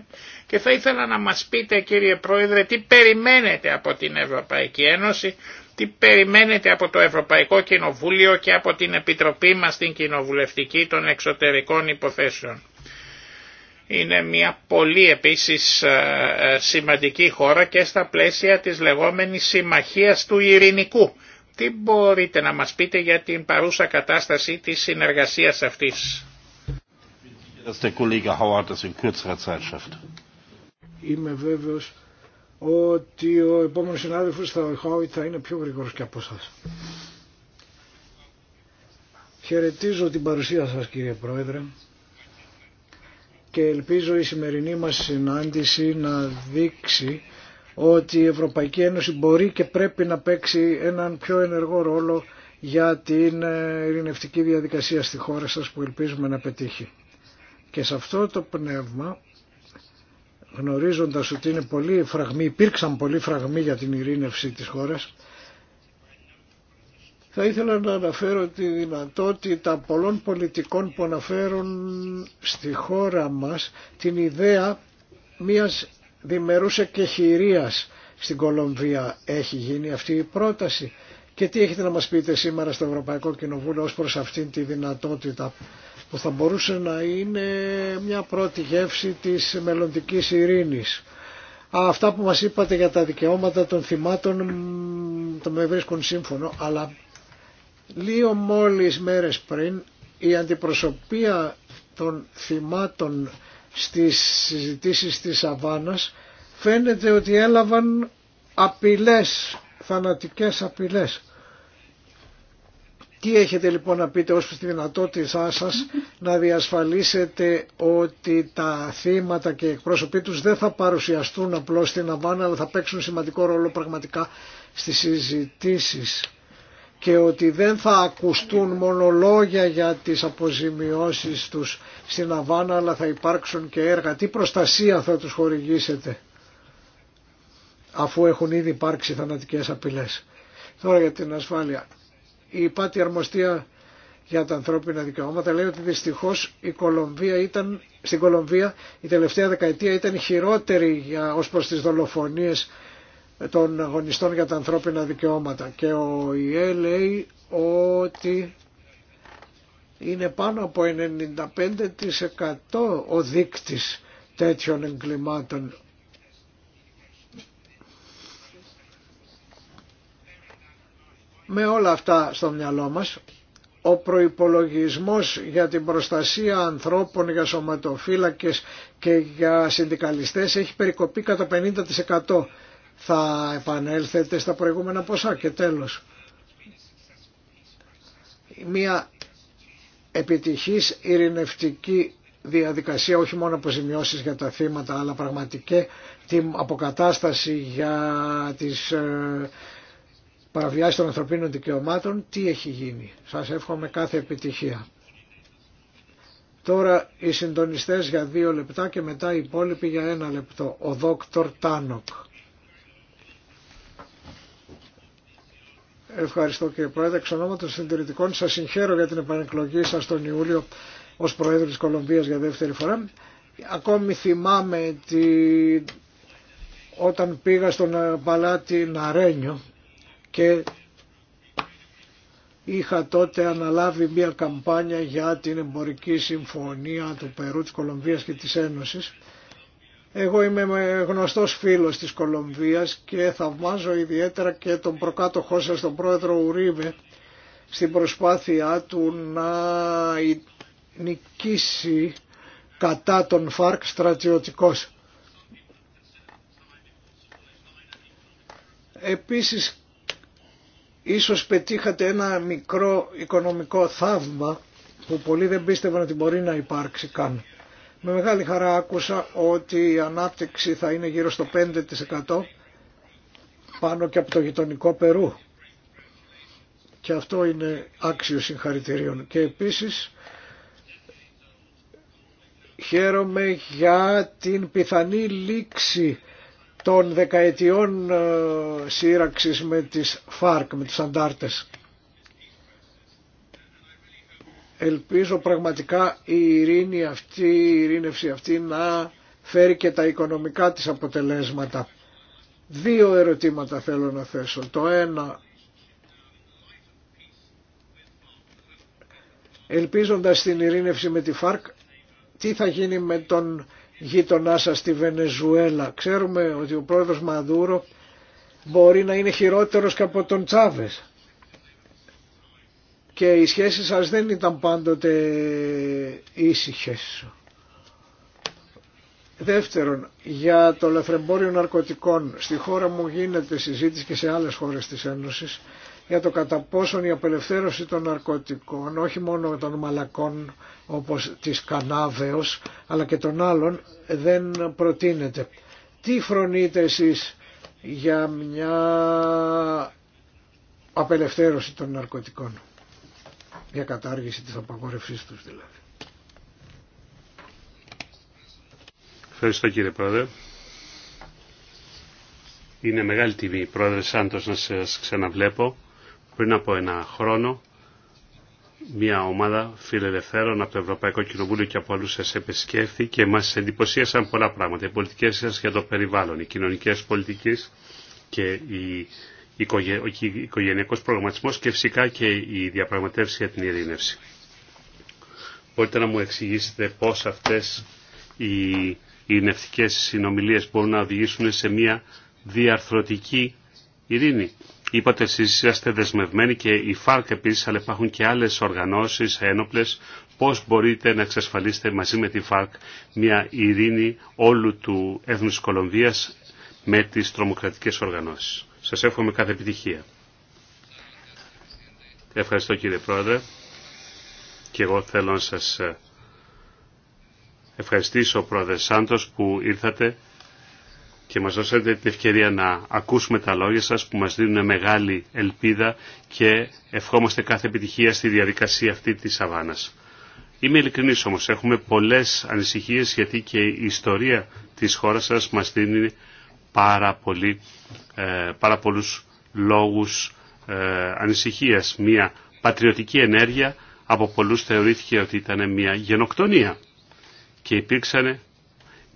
και θα ήθελα να μας πείτε κύριε Πρόεδρε τι περιμένετε από την Ευρωπαϊκή Ένωση, τι περιμένετε από το Ευρωπαϊκό Κοινοβούλιο και από την Επιτροπή μας την Κοινοβουλευτική των Εξωτερικών Υποθέσεων. Είναι μια πολύ επίσης ε, ε, σημαντική χώρα και στα πλαίσια της λεγόμενης Συμμαχίας του Ειρηνικού τι μπορείτε να μας πείτε για την παρούσα κατάσταση της συνεργασίας αυτής. Είμαι βέβαιος ότι ο επόμενος συνάδελφος θα, θα είναι πιο γρήγορος και από σας. Χαιρετίζω την παρουσία σας κύριε Πρόεδρε και ελπίζω η σημερινή μας συνάντηση να δείξει ότι η Ευρωπαϊκή Ένωση μπορεί και πρέπει να παίξει έναν πιο ενεργό ρόλο για την ε, ειρηνευτική διαδικασία στη χώρα σας που ελπίζουμε να πετύχει. Και σε αυτό το πνεύμα, γνωρίζοντας ότι είναι πολλοί φραγμοί, υπήρξαν πολλοί φραγμοί για την ειρήνευση της χώρας, θα ήθελα να αναφέρω τη δυνατότητα πολλών πολιτικών που αναφέρουν στη χώρα μας την ιδέα μιας και χειρίας στην Κολομβία έχει γίνει αυτή η πρόταση και τι έχετε να μας πείτε σήμερα στο Ευρωπαϊκό Κοινοβούλιο ως προς αυτήν τη δυνατότητα που θα μπορούσε να είναι μια πρώτη γεύση της μελλοντικής ειρήνης. αυτά που μας είπατε για τα δικαιώματα των θυμάτων το με βρίσκουν σύμφωνο, αλλά λίγο μόλις μέρες πριν η αντιπροσωπεία των θυμάτων στις συζητήσεις της Αβάνας φαίνεται ότι έλαβαν απειλές, θανατικές απειλές. Τι έχετε λοιπόν να πείτε ως τη δυνατότητά σας να διασφαλίσετε ότι τα θύματα και οι εκπρόσωποι τους δεν θα παρουσιαστούν απλώς στην Αβάνα αλλά θα παίξουν σημαντικό ρόλο πραγματικά στις συζητήσεις και ότι δεν θα ακουστούν μόνο λόγια για τις αποζημιώσεις τους στην Αβάνα αλλά θα υπάρξουν και έργα. Τι προστασία θα τους χορηγήσετε αφού έχουν ήδη υπάρξει θανατικές απειλές. Τώρα για την ασφάλεια. Η υπάτη Αρμοστία για τα ανθρώπινα δικαιώματα λέει ότι δυστυχώς η Κολομβία ήταν, στην Κολομβία η τελευταία δεκαετία ήταν χειρότερη για, ως προς τις δολοφονίες των αγωνιστών για τα ανθρώπινα δικαιώματα και ο ΙΕ λέει ότι είναι πάνω από 95% ο δείκτης τέτοιων εγκλημάτων. Με όλα αυτά στο μυαλό μας, ο προϋπολογισμός για την προστασία ανθρώπων, για σωματοφύλακες και για συνδικαλιστές έχει περικοπεί κατά θα επανέλθετε στα προηγούμενα ποσά και τέλος. Μία επιτυχής ειρηνευτική διαδικασία όχι μόνο αποζημιώσεις για τα θύματα αλλά πραγματική την αποκατάσταση για τις ε, παραβιάσεις των ανθρωπίνων δικαιωμάτων τι έχει γίνει. Σας εύχομαι κάθε επιτυχία. Τώρα οι συντονιστές για δύο λεπτά και μετά οι υπόλοιποι για ένα λεπτό. Ο δόκτωρ Τάνοκ. Ευχαριστώ κύριε Πρόεδρε. Εξ ονόματο συντηρητικών σα συγχαίρω για την επανεκλογή σα τον Ιούλιο ω Πρόεδρο τη Κολομβία για δεύτερη φορά. Ακόμη θυμάμαι τη... όταν πήγα στον ε, παλάτι Ναρένιο και είχα τότε αναλάβει μια καμπάνια για την εμπορική συμφωνία του Περού, της Κολομβίας και της Ένωσης εγώ είμαι γνωστός φίλος της Κολομβίας και θαυμάζω ιδιαίτερα και τον προκάτοχό σας, τον πρόεδρο Ουρίβε, στην προσπάθειά του να νικήσει κατά τον ΦΑΡΚ στρατιωτικός. Επίσης, ίσως πετύχατε ένα μικρό οικονομικό θαύμα που πολλοί δεν πίστευαν ότι μπορεί να υπάρξει καν. Με μεγάλη χαρά άκουσα ότι η ανάπτυξη θα είναι γύρω στο 5% πάνω και από το γειτονικό Περού. Και αυτό είναι άξιο συγχαρητηρίων. Και επίσης χαίρομαι για την πιθανή λήξη των δεκαετιών ε, σύραξης με τις ΦΑΡΚ, με τους αντάρτες. Ελπίζω πραγματικά η ειρήνη αυτή, η ειρήνευση αυτή να φέρει και τα οικονομικά της αποτελέσματα. Δύο ερωτήματα θέλω να θέσω. Το ένα, ελπίζοντας την ειρήνευση με τη ΦΑΡΚ, τι θα γίνει με τον γείτονά σας στη Βενεζουέλα. Ξέρουμε ότι ο πρόεδρος Μαδούρο μπορεί να είναι χειρότερος και από τον Τσάβες και οι σχέσεις σας δεν ήταν πάντοτε ήσυχες. Δεύτερον, για το λαθρεμπόριο ναρκωτικών. Στη χώρα μου γίνεται συζήτηση και σε άλλες χώρες της Ένωσης για το κατά πόσον η απελευθέρωση των ναρκωτικών, όχι μόνο των μαλακών όπως της Κανάβεως, αλλά και των άλλων, δεν προτείνεται. Τι φρονείτε εσείς για μια απελευθέρωση των ναρκωτικών για κατάργηση της απαγόρευσής τους δηλαδή. Ευχαριστώ κύριε Πρόεδρε. Είναι μεγάλη τιμή, Πρόεδρε Σάντος, να σας ξαναβλέπω. Πριν από ένα χρόνο, μια ομάδα φιλελευθέρων από το Ευρωπαϊκό Κοινοβούλιο και από αλλού σας επισκέφθη και μας εντυπωσίασαν πολλά πράγματα. Οι πολιτικές σας για το περιβάλλον, οι κοινωνικές πολιτικές και οι οικογενειακός προγραμματισμός και φυσικά και η διαπραγματεύση για την ειρήνευση. Μπορείτε να μου εξηγήσετε πώς αυτές οι ειρηνευτικές συνομιλίες μπορούν να οδηγήσουν σε μια διαρθρωτική ειρήνη. Είπατε εσείς είστε δεσμευμένοι και η ΦΑΡΚ επίσης, αλλά υπάρχουν και άλλες οργανώσεις ένοπλες. Πώς μπορείτε να εξασφαλίσετε μαζί με τη ΦΑΡΚ μια ειρήνη όλου του έθνους Κολομβίας με τις τρομοκρατικές οργανώσεις. Σας εύχομαι κάθε επιτυχία. Ευχαριστώ κύριε Πρόεδρε και εγώ θέλω να σας ε, ευχαριστήσω Πρόεδρε Σάντος που ήρθατε και μας δώσατε την ευκαιρία να ακούσουμε τα λόγια σας που μας δίνουν μεγάλη ελπίδα και ευχόμαστε κάθε επιτυχία στη διαδικασία αυτή της Σαββάνας. Είμαι ειλικρινής όμως, έχουμε πολλές ανησυχίες γιατί και η ιστορία της χώρας σας μας δίνει πάρα, πολύ, ε, πάρα πολλούς λόγους ε, ανησυχίας. Μια πατριωτική ενέργεια από πολλούς θεωρήθηκε ότι ήταν μια γενοκτονία και υπήρξαν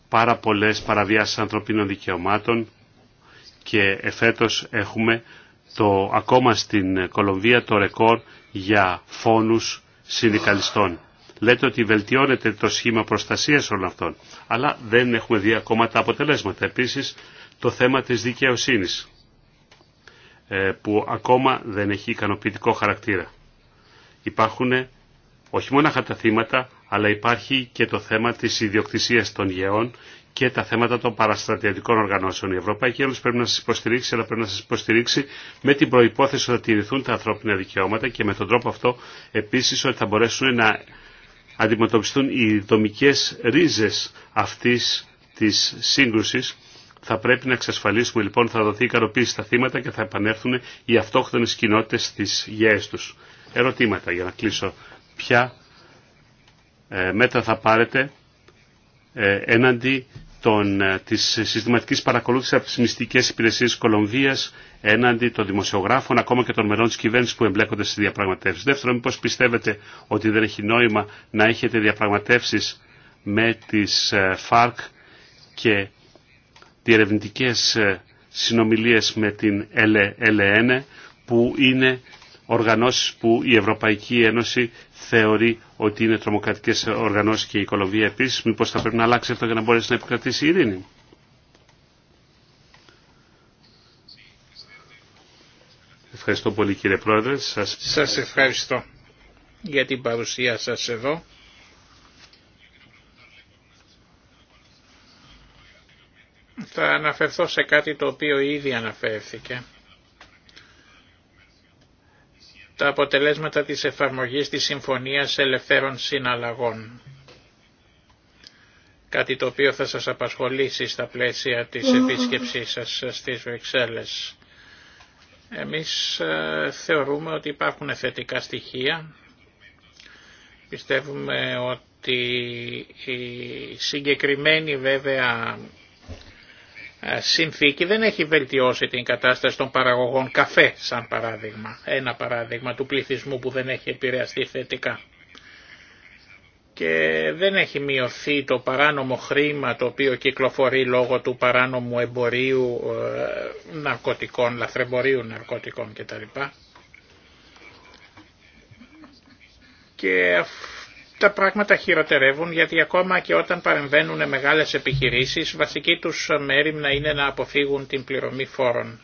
πάρα πολλές παραβιάσεις ανθρωπίνων δικαιωμάτων και εφέτος έχουμε το, ακόμα στην Κολομβία το ρεκόρ για φόνους συνδικαλιστών. Λέτε ότι βελτιώνεται το σχήμα προστασίας όλων αυτών, αλλά δεν έχουμε δει ακόμα τα αποτελέσματα. Επίσης το θέμα της δικαιοσύνης ε, που ακόμα δεν έχει ικανοποιητικό χαρακτήρα. Υπάρχουν όχι μόνο τα θύματα, αλλά υπάρχει και το θέμα της ιδιοκτησίας των γεών και τα θέματα των παραστρατιωτικών οργανώσεων. Η Ευρωπαϊκή Ένωση πρέπει να σας υποστηρίξει, αλλά πρέπει να σας υποστηρίξει με την προϋπόθεση ότι θα τηρηθούν τα ανθρώπινα δικαιώματα και με τον τρόπο αυτό επίσης ότι θα μπορέσουν να αντιμετωπιστούν οι δομικές ρίζες αυτής της σύγκρουσης θα πρέπει να εξασφαλίσουμε λοιπόν θα δοθεί ικανοποίηση στα θύματα και θα επανέλθουν οι αυτόχθονες κοινότητες στις γέες τους. Ερωτήματα για να κλείσω. Ποια ε, μέτρα θα πάρετε ε, έναντι των, ε, της συστηματικής παρακολούθησης από τις μυστικές υπηρεσίες της Κολομβίας έναντι των δημοσιογράφων, ακόμα και των μελών της κυβέρνησης που εμπλέκονται στις διαπραγματεύσεις. Δεύτερον, μήπως πιστεύετε ότι δεν έχει νόημα να έχετε διαπραγματεύσεις με τις ε, ΦΑΡΚ και διερευνητικές ε, συνομιλίες με την ΕΛΕΝΕ που είναι οργανώσεις που η Ευρωπαϊκή Ένωση θεωρεί ότι είναι τρομοκρατικές οργανώσεις και η οικολογία επίσης. Μήπως θα πρέπει να αλλάξει αυτό για να μπορέσει να επικρατήσει η ειρήνη. Ευχαριστώ πολύ κύριε Πρόεδρε. Σας, σας ευχαριστώ για την παρουσία σας εδώ. Θα αναφερθώ σε κάτι το οποίο ήδη αναφέρθηκε. Τα αποτελέσματα της εφαρμογής της Συμφωνίας Ελευθέρων Συναλλαγών. Κάτι το οποίο θα σας απασχολήσει στα πλαίσια της επίσκεψής σας στις Βρυξέλλες. Εμείς ε, θεωρούμε ότι υπάρχουν θετικά στοιχεία. Πιστεύουμε ότι η συγκεκριμένη βέβαια ε, συνθήκη δεν έχει βελτιώσει την κατάσταση των παραγωγών καφέ σαν παράδειγμα. Ένα παράδειγμα του πληθυσμού που δεν έχει επηρεαστεί θετικά. Και δεν έχει μειωθεί το παράνομο χρήμα το οποίο κυκλοφορεί λόγω του παράνομου εμπορίου ε, ναρκωτικών, λαθρεμπορίου ναρκωτικών κτλ. Και τα πράγματα χειροτερεύουν γιατί ακόμα και όταν παρεμβαίνουν μεγάλες επιχειρήσεις βασική τους μέρημνα είναι να αποφύγουν την πληρωμή φόρων.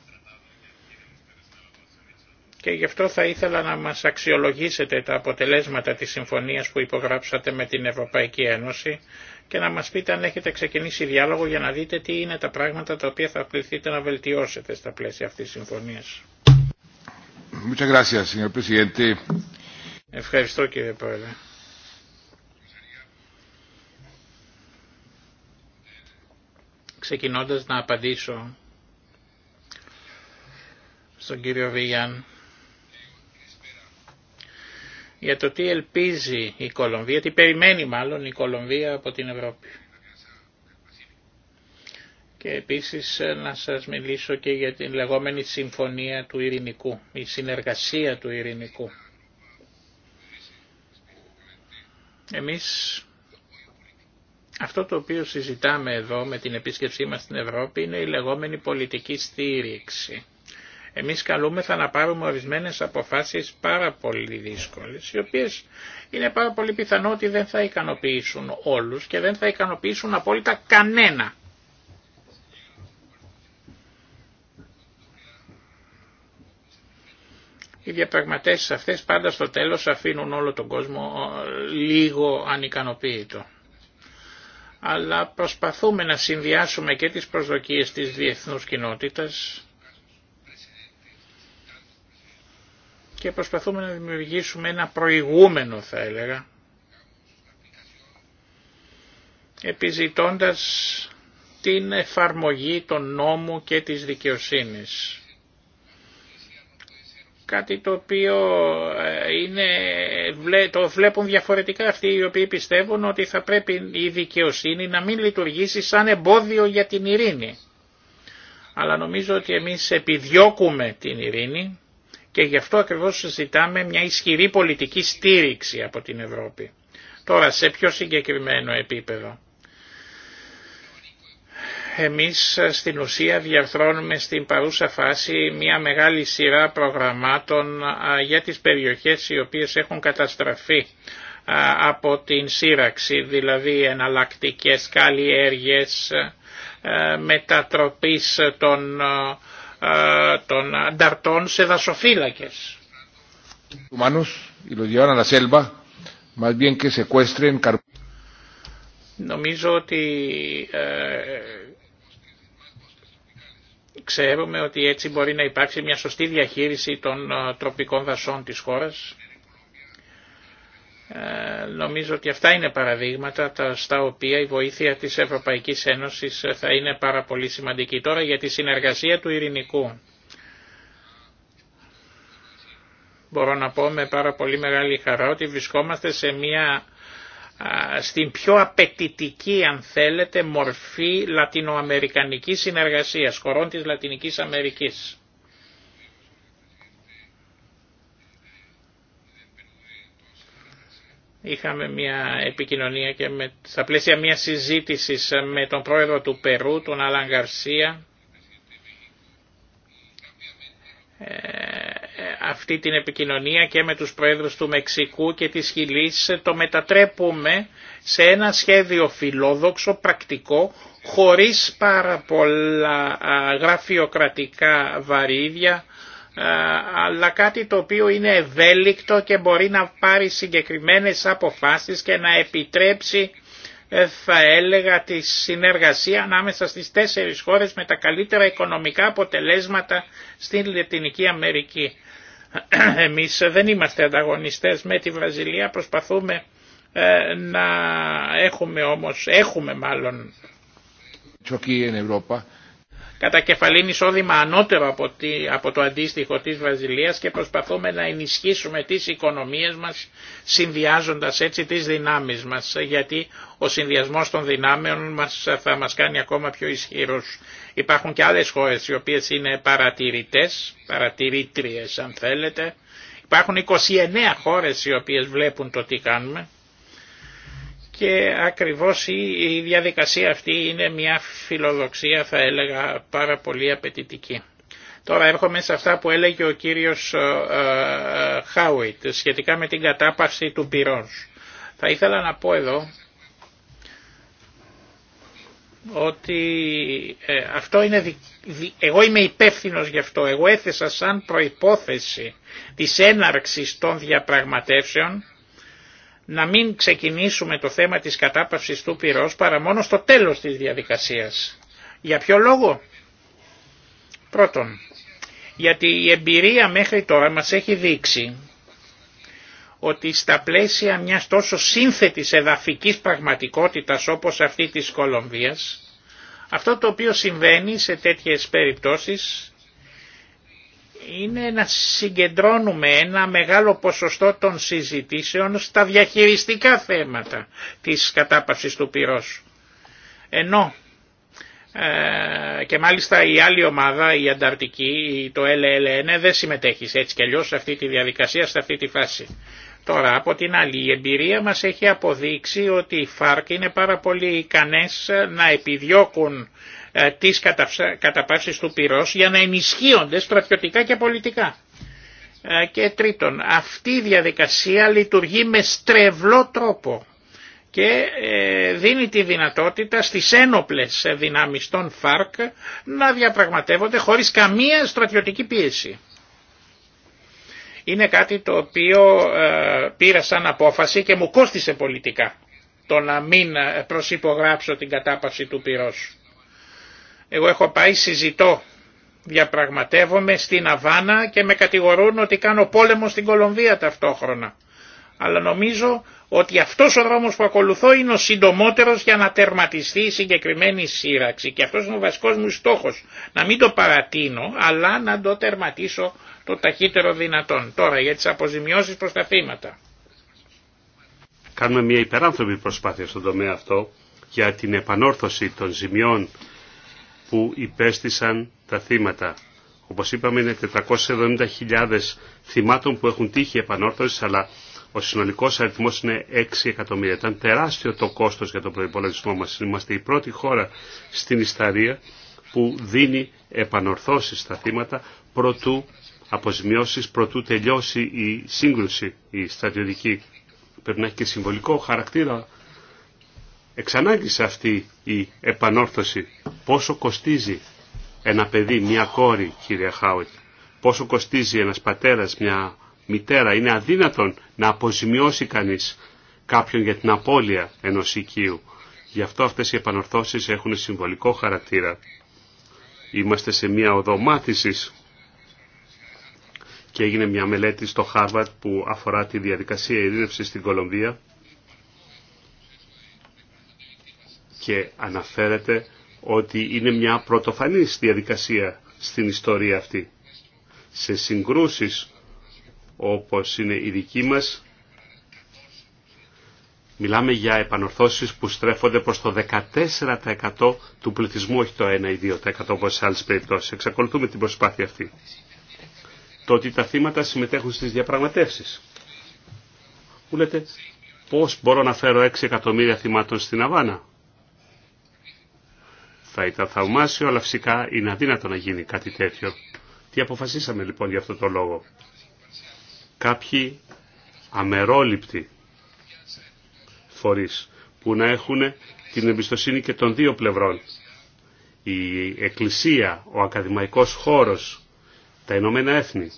Και γι' αυτό θα ήθελα να μας αξιολογήσετε τα αποτελέσματα της συμφωνίας που υπογράψατε με την Ευρωπαϊκή Ένωση και να μας πείτε αν έχετε ξεκινήσει διάλογο για να δείτε τι είναι τα πράγματα τα οποία θα πληθείτε να βελτιώσετε στα πλαίσια αυτής της συμφωνίας. Ευχαριστώ κύριε Πρόεδρε. ξεκινώντας να απαντήσω στον κύριο Βιγιάν για το τι ελπίζει η Κολομβία, τι περιμένει μάλλον η Κολομβία από την Ευρώπη. Και επίσης να σας μιλήσω και για την λεγόμενη συμφωνία του ειρηνικού, η συνεργασία του ειρηνικού. Εμείς αυτό το οποίο συζητάμε εδώ με την επίσκεψή μας στην Ευρώπη είναι η λεγόμενη πολιτική στήριξη. Εμείς καλούμεθα να πάρουμε ορισμένες αποφάσεις πάρα πολύ δύσκολες, οι οποίες είναι πάρα πολύ πιθανό ότι δεν θα ικανοποιήσουν όλους και δεν θα ικανοποιήσουν απόλυτα κανένα. Οι διαπραγματεύσεις αυτές πάντα στο τέλος αφήνουν όλο τον κόσμο ε, λίγο ανικανοποίητο αλλά προσπαθούμε να συνδυάσουμε και τις προσδοκίες της διεθνούς κοινότητας και προσπαθούμε να δημιουργήσουμε ένα προηγούμενο θα έλεγα επιζητώντας την εφαρμογή των νόμου και της δικαιοσύνης κάτι το οποίο ε, είναι, το βλέπουν διαφορετικά αυτοί οι οποίοι πιστεύουν ότι θα πρέπει η δικαιοσύνη να μην λειτουργήσει σαν εμπόδιο για την ειρήνη. Αλλά νομίζω ότι εμείς επιδιώκουμε την ειρήνη και γι' αυτό ακριβώς συζητάμε μια ισχυρή πολιτική στήριξη από την Ευρώπη. Τώρα σε πιο συγκεκριμένο επίπεδο εμείς ε, στην ουσία διαρθρώνουμε στην παρούσα φάση μια μεγάλη σειρά προγραμμάτων για τις περιοχές οι οποίες έχουν καταστραφεί από την σύραξη, δηλαδή εναλλακτικές καλλιέργειες ε, ε, μετατροπής των, των ανταρτών σε δασοφύλακες. Νομίζω ότι Ξέρουμε ότι έτσι μπορεί να υπάρξει μια σωστή διαχείριση των ε, τροπικών δασών της χώρας. Ε, νομίζω ότι αυτά είναι παραδείγματα τα, στα οποία η βοήθεια της Ευρωπαϊκής Ένωσης ε, θα είναι πάρα πολύ σημαντική. Τώρα για τη συνεργασία του ειρηνικού. Μπορώ να πω με πάρα πολύ μεγάλη χαρά ότι βρισκόμαστε σε μια στην πιο απαιτητική αν θέλετε μορφή λατινοαμερικανικής συνεργασίας χωρών της Λατινικής Αμερικής. Είχαμε μια επικοινωνία και με, στα πλαίσια μια συζήτηση με τον πρόεδρο του Περού, τον Αλαν Γκαρσία, ε, αυτή την επικοινωνία και με τους πρόεδρους του Μεξικού και της Χιλής το μετατρέπουμε σε ένα σχέδιο φιλόδοξο, πρακτικό, χωρίς πάρα πολλά γραφειοκρατικά βαρύδια, αλλά κάτι το οποίο είναι ευέλικτο και μπορεί να πάρει συγκεκριμένες αποφάσεις και να επιτρέψει ε, θα έλεγα τη συνεργασία ανάμεσα στις τέσσερις χώρες με τα καλύτερα οικονομικά αποτελέσματα στην Λετινική Αμερική. Εμείς δεν είμαστε ανταγωνιστές με τη Βραζιλία, προσπαθούμε ε, να έχουμε όμως, έχουμε μάλλον. Ευρώπη κατά κεφαλήν εισόδημα ανώτερο από, από το αντίστοιχο της Βραζιλίας και προσπαθούμε να ενισχύσουμε τις οικονομίες μας συνδυάζοντας έτσι τις δυνάμεις μας γιατί ο συνδυασμός των δυνάμεων μας θα μας κάνει ακόμα πιο ισχυρούς. Υπάρχουν και άλλες χώρες οι οποίες είναι παρατηρητές, παρατηρήτριες αν θέλετε. Υπάρχουν 29 χώρες οι οποίες βλέπουν το τι κάνουμε και ακριβώς η διαδικασία αυτή είναι μια φιλοδοξία θα έλεγα πάρα πολύ απαιτητική. Τώρα έρχομαι σε αυτά που έλεγε ο κύριος ε, ε, Χάουιτ σχετικά με την κατάπαυση του πυρός. Θα ήθελα να πω εδώ ότι ε, αυτό είναι εγώ είμαι υπεύθυνος γι' αυτό. Εγώ έθεσα σαν προϋπόθεση της έναρξης των διαπραγματεύσεων να μην ξεκινήσουμε το θέμα της κατάπαυσης του πυρός παρά μόνο στο τέλος της διαδικασίας. Για ποιο λόγο? Πρώτον, γιατί η εμπειρία μέχρι τώρα μας έχει δείξει ότι στα πλαίσια μιας τόσο σύνθετης εδαφικής πραγματικότητας όπως αυτή της Κολομβίας, αυτό το οποίο συμβαίνει σε τέτοιες περιπτώσεις είναι να συγκεντρώνουμε ένα μεγάλο ποσοστό των συζητήσεων στα διαχειριστικά θέματα της κατάπαυσης του πυρός. Ενώ ε, και μάλιστα η άλλη ομάδα, η Ανταρτική, το LLN δεν συμμετέχει έτσι κι αλλιώς σε αυτή τη διαδικασία, σε αυτή τη φάση. Τώρα από την άλλη η εμπειρία μας έχει αποδείξει ότι οι ΦΑΡΚ είναι πάρα πολύ ικανές να επιδιώκουν ε, της καταπαύσης του πυρός για να ενισχύονται στρατιωτικά και πολιτικά. Ε, και τρίτον, αυτή η διαδικασία λειτουργεί με στρεβλό τρόπο και ε, δίνει τη δυνατότητα στις ένοπλες δυνάμεις των ΦΑΡΚ να διαπραγματεύονται χωρίς καμία στρατιωτική πίεση. Είναι κάτι το οποίο πήρα σαν απόφαση και μου κόστισε πολιτικά το να μην προσυπογράψω την κατάπαυση του πυρός. Εγώ έχω πάει, συζητώ, διαπραγματεύομαι στην Αβάνα και με κατηγορούν ότι κάνω πόλεμο στην Κολομβία ταυτόχρονα. Αλλά νομίζω ότι αυτός ο δρόμος που ακολουθώ είναι ο συντομότερος για να τερματιστεί η συγκεκριμένη σύραξη και αυτός είναι ο βασικός μου στόχος. Να μην το παρατείνω αλλά να το τερματίσω το ταχύτερο δυνατόν. Τώρα για τις αποζημιώσεις προς τα θύματα. Κάνουμε μια υπεράνθρωπη προσπάθεια στον τομέα αυτό για την επανόρθωση των ζημιών που υπέστησαν τα θύματα. Όπως είπαμε είναι 470.000 θυμάτων που έχουν τύχει επανόρθωση, αλλά ο συνολικός αριθμός είναι 6 εκατομμύρια. Ήταν τεράστιο το κόστος για τον προϋπολογισμό μας. Είμαστε η πρώτη χώρα στην Ισταρία που δίνει επανορθώσεις στα θύματα προτού αποζημιώσεις, προτού τελειώσει η σύγκρουση, η στρατιωτική. Πρέπει να έχει και συμβολικό χαρακτήρα εξανάγκησε αυτή η επανόρθωση. Πόσο κοστίζει ένα παιδί, μια κόρη, κύριε Χάουιτ. Πόσο κοστίζει ένας πατέρας, μια μητέρα. Είναι αδύνατον να αποζημιώσει κανείς κάποιον για την απώλεια ενός οικείου. Γι' αυτό αυτές οι επανορθώσεις έχουν συμβολικό χαρακτήρα. Είμαστε σε μια οδομάτισης και έγινε μια μελέτη στο Χάρβαρτ που αφορά τη διαδικασία ειρήνευσης στην Κολομβία και αναφέρεται ότι είναι μια πρωτοφανής διαδικασία στην ιστορία αυτή. Σε συγκρούσεις όπως είναι η δική μας, μιλάμε για επανορθώσεις που στρέφονται προς το 14% του πληθυσμού, όχι το 1 ή 2% όπως σε άλλες περιπτώσεις. Εξακολουθούμε την προσπάθεια αυτή. Το ότι τα θύματα συμμετέχουν στις διαπραγματεύσεις. Μου λέτε, πώς μπορώ να φέρω 6 εκατομμύρια θυμάτων στην Αβάνα. Θα ήταν θαυμάσιο, αλλά φυσικά είναι αδύνατο να γίνει κάτι τέτοιο. Τι αποφασίσαμε λοιπόν για αυτό το λόγο. Κάποιοι αμερόληπτοι φορείς που να έχουν την εμπιστοσύνη και των δύο πλευρών. Η Εκκλησία, ο ακαδημαϊκός χώρος, τα Ηνωμένα Έθνη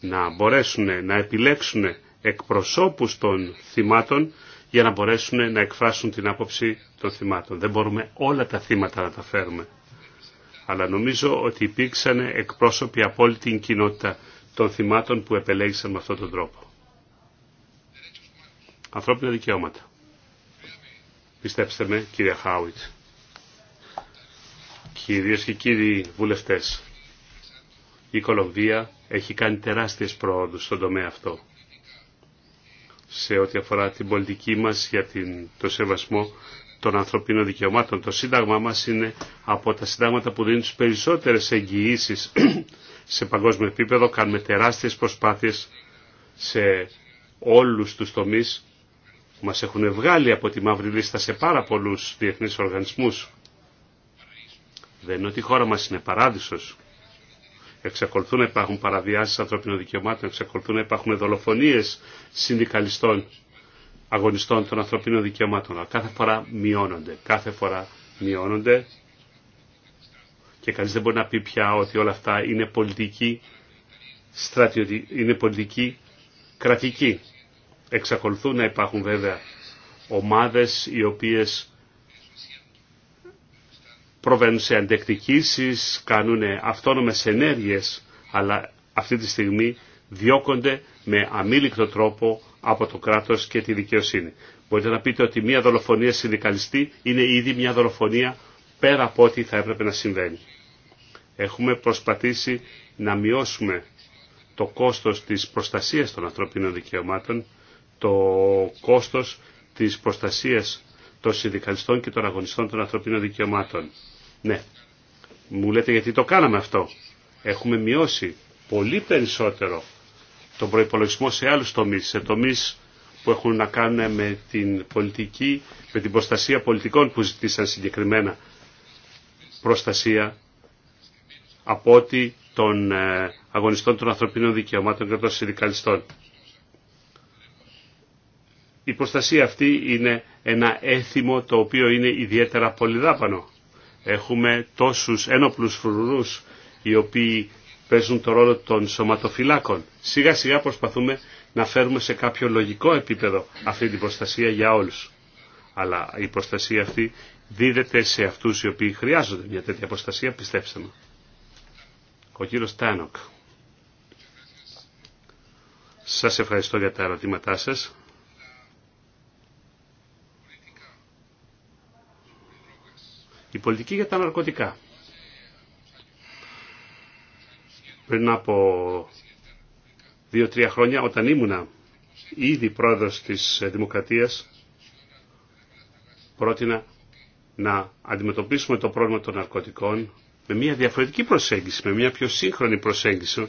να μπορέσουν να επιλέξουν εκπροσώπους των θυμάτων για να μπορέσουν να εκφράσουν την άποψη των θυμάτων. Δεν μπορούμε όλα τα θύματα να τα φέρουμε. Αλλά νομίζω ότι υπήρξαν εκπρόσωποι από όλη την κοινότητα των θυμάτων που επελέγησαν με αυτόν τον τρόπο. Ανθρώπινα δικαιώματα. Πιστέψτε με, κύριε Χάουιτ. Κυρίες και κύριοι βουλευτές, η Κολομβία έχει κάνει τεράστιες πρόοδους στον τομέα αυτό σε ό,τι αφορά την πολιτική μας για την, το σεβασμό των ανθρωπίνων δικαιωμάτων. Το Σύνταγμα μας είναι από τα συντάγματα που δίνουν τις περισσότερες εγγυήσεις σε παγκόσμιο επίπεδο. Κάνουμε τεράστιες προσπάθειες σε όλους τους τομείς που μας έχουν βγάλει από τη μαύρη λίστα σε πάρα πολλούς διεθνείς οργανισμούς. Δεν είναι ότι η χώρα μας είναι παράδεισος εξακολουθούν να υπάρχουν παραβιάσεις ανθρωπίνων δικαιωμάτων, εξακολουθούν να υπάρχουν δολοφονίες συνδικαλιστών αγωνιστών των ανθρωπίνων δικαιωμάτων. Κάθε φορά μειώνονται, κάθε φορά μειώνονται και κανείς δεν μπορεί να πει πια ότι όλα αυτά είναι πολιτική, στρατιωτική, είναι πολιτική κρατική. Εξακολουθούν να υπάρχουν βέβαια ομάδες οι οποίες προβαίνουν σε αντεκτικήσεις, κάνουν αυτόνομες ενέργειες, αλλά αυτή τη στιγμή διώκονται με αμήλικτο τρόπο από το κράτος και τη δικαιοσύνη. Μπορείτε να πείτε ότι μια δολοφονία συνδικαλιστή είναι ήδη μια δολοφονία πέρα από ό,τι θα έπρεπε να συμβαίνει. Έχουμε προσπαθήσει να μειώσουμε το κόστος της προστασίας των ανθρωπίνων δικαιωμάτων, το κόστος της προστασίας των συνδικαλιστών και των αγωνιστών των ανθρωπίνων δικαιωμάτων. Ναι. Μου λέτε γιατί το κάναμε αυτό. Έχουμε μειώσει πολύ περισσότερο τον προϋπολογισμό σε άλλους τομείς, σε τομείς που έχουν να κάνουν με την πολιτική, με την προστασία πολιτικών που ζητήσαν συγκεκριμένα προστασία από ό,τι των ε, αγωνιστών των ανθρωπίνων δικαιωμάτων και των συνδικαλιστών. Η προστασία αυτή είναι ένα έθιμο το οποίο είναι ιδιαίτερα πολυδάπανο. Έχουμε τόσους ένοπλους φρουρούς οι οποίοι παίζουν το ρόλο των σωματοφυλάκων. Σιγά σιγά προσπαθούμε να φέρουμε σε κάποιο λογικό επίπεδο αυτή την προστασία για όλους. Αλλά η προστασία αυτή δίδεται σε αυτούς οι οποίοι χρειάζονται μια τέτοια προστασία, πιστέψτε με. Ο κύριος Τάνοκ. Σας ευχαριστώ για τα ερωτήματά σας. Η πολιτική για τα ναρκωτικά. Πριν από δύο-τρία χρόνια, όταν ήμουνα ήδη πρόεδρος της Δημοκρατίας, πρότεινα να αντιμετωπίσουμε το πρόβλημα των ναρκωτικών με μια διαφορετική προσέγγιση, με μια πιο σύγχρονη προσέγγιση.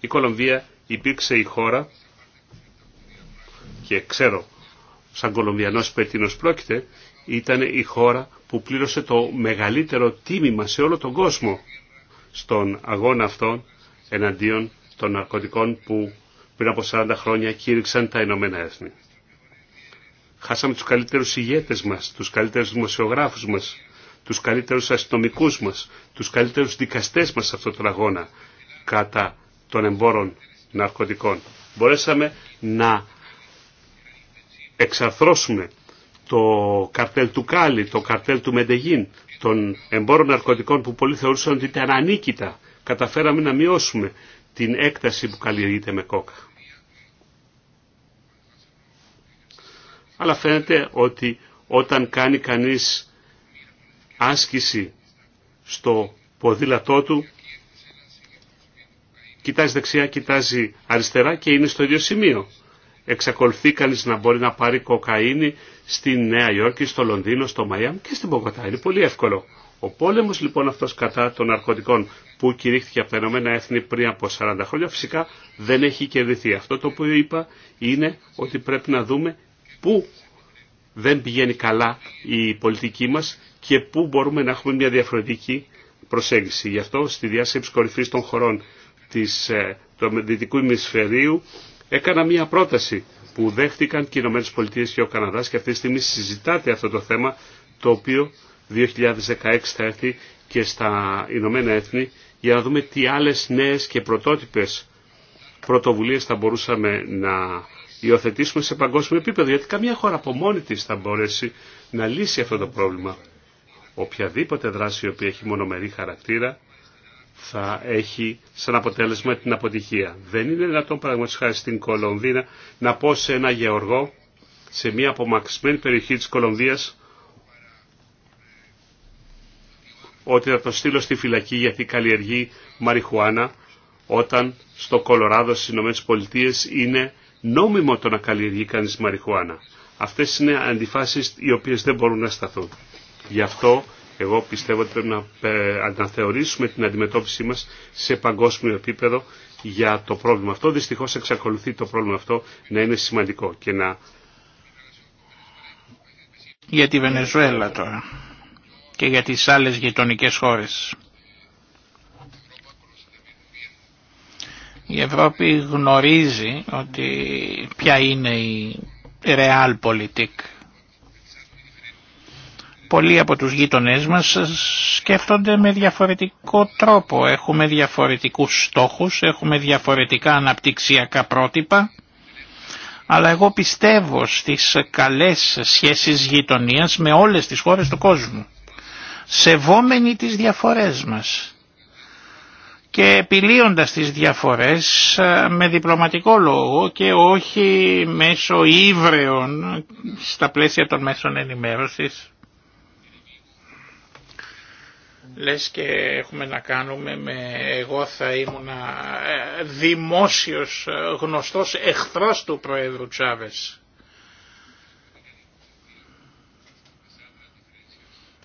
Η Κολομβία υπήρξε η χώρα και ξέρω σαν Κολομβιανός περί πρόκειται ήταν η χώρα που πλήρωσε το μεγαλύτερο τίμημα σε όλο τον κόσμο στον αγώνα αυτόν εναντίον των ναρκωτικών που πριν από 40 χρόνια κήρυξαν τα Ηνωμένα Έθνη. Χάσαμε τους καλύτερους ηγέτες μας, τους καλύτερους δημοσιογράφους μας, τους καλύτερους αστυνομικούς μας, τους καλύτερους δικαστές μας σε αυτόν τον αγώνα κατά των εμπόρων ναρκωτικών. Μπορέσαμε να εξαρθρώσουμε το καρτέλ του Κάλι, το καρτέλ του Μεντεγίν, των εμπόρων ναρκωτικών που πολλοί θεωρούσαν ότι ήταν ανίκητα, καταφέραμε να μειώσουμε την έκταση που καλλιεργείται με κόκα. Αλλά φαίνεται ότι όταν κάνει κανείς άσκηση στο ποδήλατό του, κοιτάζει δεξιά, κοιτάζει αριστερά και είναι στο ίδιο σημείο εξακολουθεί κανείς να μπορεί να πάρει κοκαίνη στη Νέα Υόρκη, στο Λονδίνο, στο Μαϊάμ και στην Ποκοτά. Είναι πολύ εύκολο. Ο πόλεμος λοιπόν αυτός κατά των ναρκωτικών που κηρύχθηκε από τα Ηνωμένα Έθνη πριν από 40 χρόνια φυσικά δεν έχει κερδιθεί. Αυτό το οποίο είπα είναι ότι πρέπει να δούμε πού δεν πηγαίνει καλά η πολιτική μας και πού μπορούμε να έχουμε μια διαφορετική προσέγγιση. Γι' αυτό στη διάσκεψη κορυφή των χωρών της, ε, του Δυτικού Ημισφαιρίου Έκανα μία πρόταση που δέχτηκαν και οι Ηνωμένες Πολιτείες και ο Καναδάς και αυτή τη στιγμή συζητάτε αυτό το θέμα το οποίο 2016 θα έρθει και στα Ηνωμένα Έθνη για να δούμε τι άλλες νέες και πρωτότυπες πρωτοβουλίες θα μπορούσαμε να υιοθετήσουμε σε παγκόσμιο επίπεδο γιατί καμία χώρα από μόνη της θα μπορέσει να λύσει αυτό το πρόβλημα. Οποιαδήποτε δράση η οποία έχει μονομερή χαρακτήρα θα έχει σαν αποτέλεσμα την αποτυχία. Δεν είναι δυνατόν παραδείγματος χάρη στην Κολομβίνα να πω σε ένα γεωργό σε μια απομακρυσμένη περιοχή της Κολομβίας ότι θα το στείλω στη φυλακή γιατί καλλιεργεί μαριχουάνα όταν στο Κολοράδο στις Ηνωμένες Πολιτείες είναι νόμιμο το να καλλιεργεί κανείς μαριχουάνα. Αυτές είναι αντιφάσεις οι οποίες δεν μπορούν να σταθούν. Γι' αυτό εγώ πιστεύω ότι πρέπει να αναθεωρήσουμε ε, την αντιμετώπιση μας σε παγκόσμιο επίπεδο για το πρόβλημα αυτό. Δυστυχώς εξακολουθεί το πρόβλημα αυτό να είναι σημαντικό και να... Για τη Βενεζουέλα τώρα και για τις άλλες γειτονικές χώρες. Η Ευρώπη γνωρίζει ότι ποια είναι η real πολλοί από τους γείτονές μας σκέφτονται με διαφορετικό τρόπο. Έχουμε διαφορετικούς στόχους, έχουμε διαφορετικά αναπτυξιακά πρότυπα, αλλά εγώ πιστεύω στις καλές σχέσεις γειτονίας με όλες τις χώρες του κόσμου, σεβόμενοι τις διαφορές μας και επιλύοντας τις διαφορές με διπλωματικό λόγο και όχι μέσω ύβρεων στα πλαίσια των μέσων ενημέρωσης λες και έχουμε να κάνουμε με εγώ θα ήμουν ε, δημόσιος ε, γνωστός εχθρός του Προέδρου Τσάβες.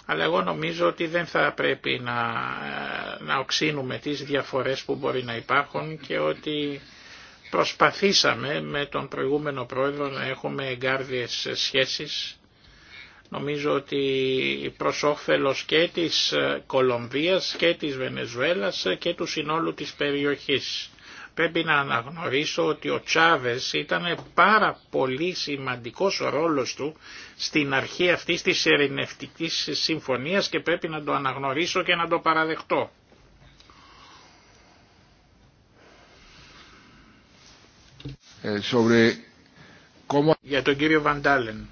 Αλλά εγώ νομίζω ότι δεν θα πρέπει να, ε, να οξύνουμε τις διαφορές που μπορεί να υπάρχουν και ότι προσπαθήσαμε με τον προηγούμενο πρόεδρο να έχουμε εγκάρδιες σχέσεις Νομίζω ότι προς όφελο και της Κολομβίας και της Βενεζουέλας και του συνόλου της περιοχής. Πρέπει να αναγνωρίσω ότι ο Τσάβες ήταν πάρα πολύ σημαντικός ο ρόλος του στην αρχή αυτή της ερηνευτικής συμφωνίας και πρέπει να το αναγνωρίσω και να το παραδεχτώ. Ε, Για τον κύριο Βαντάλεν.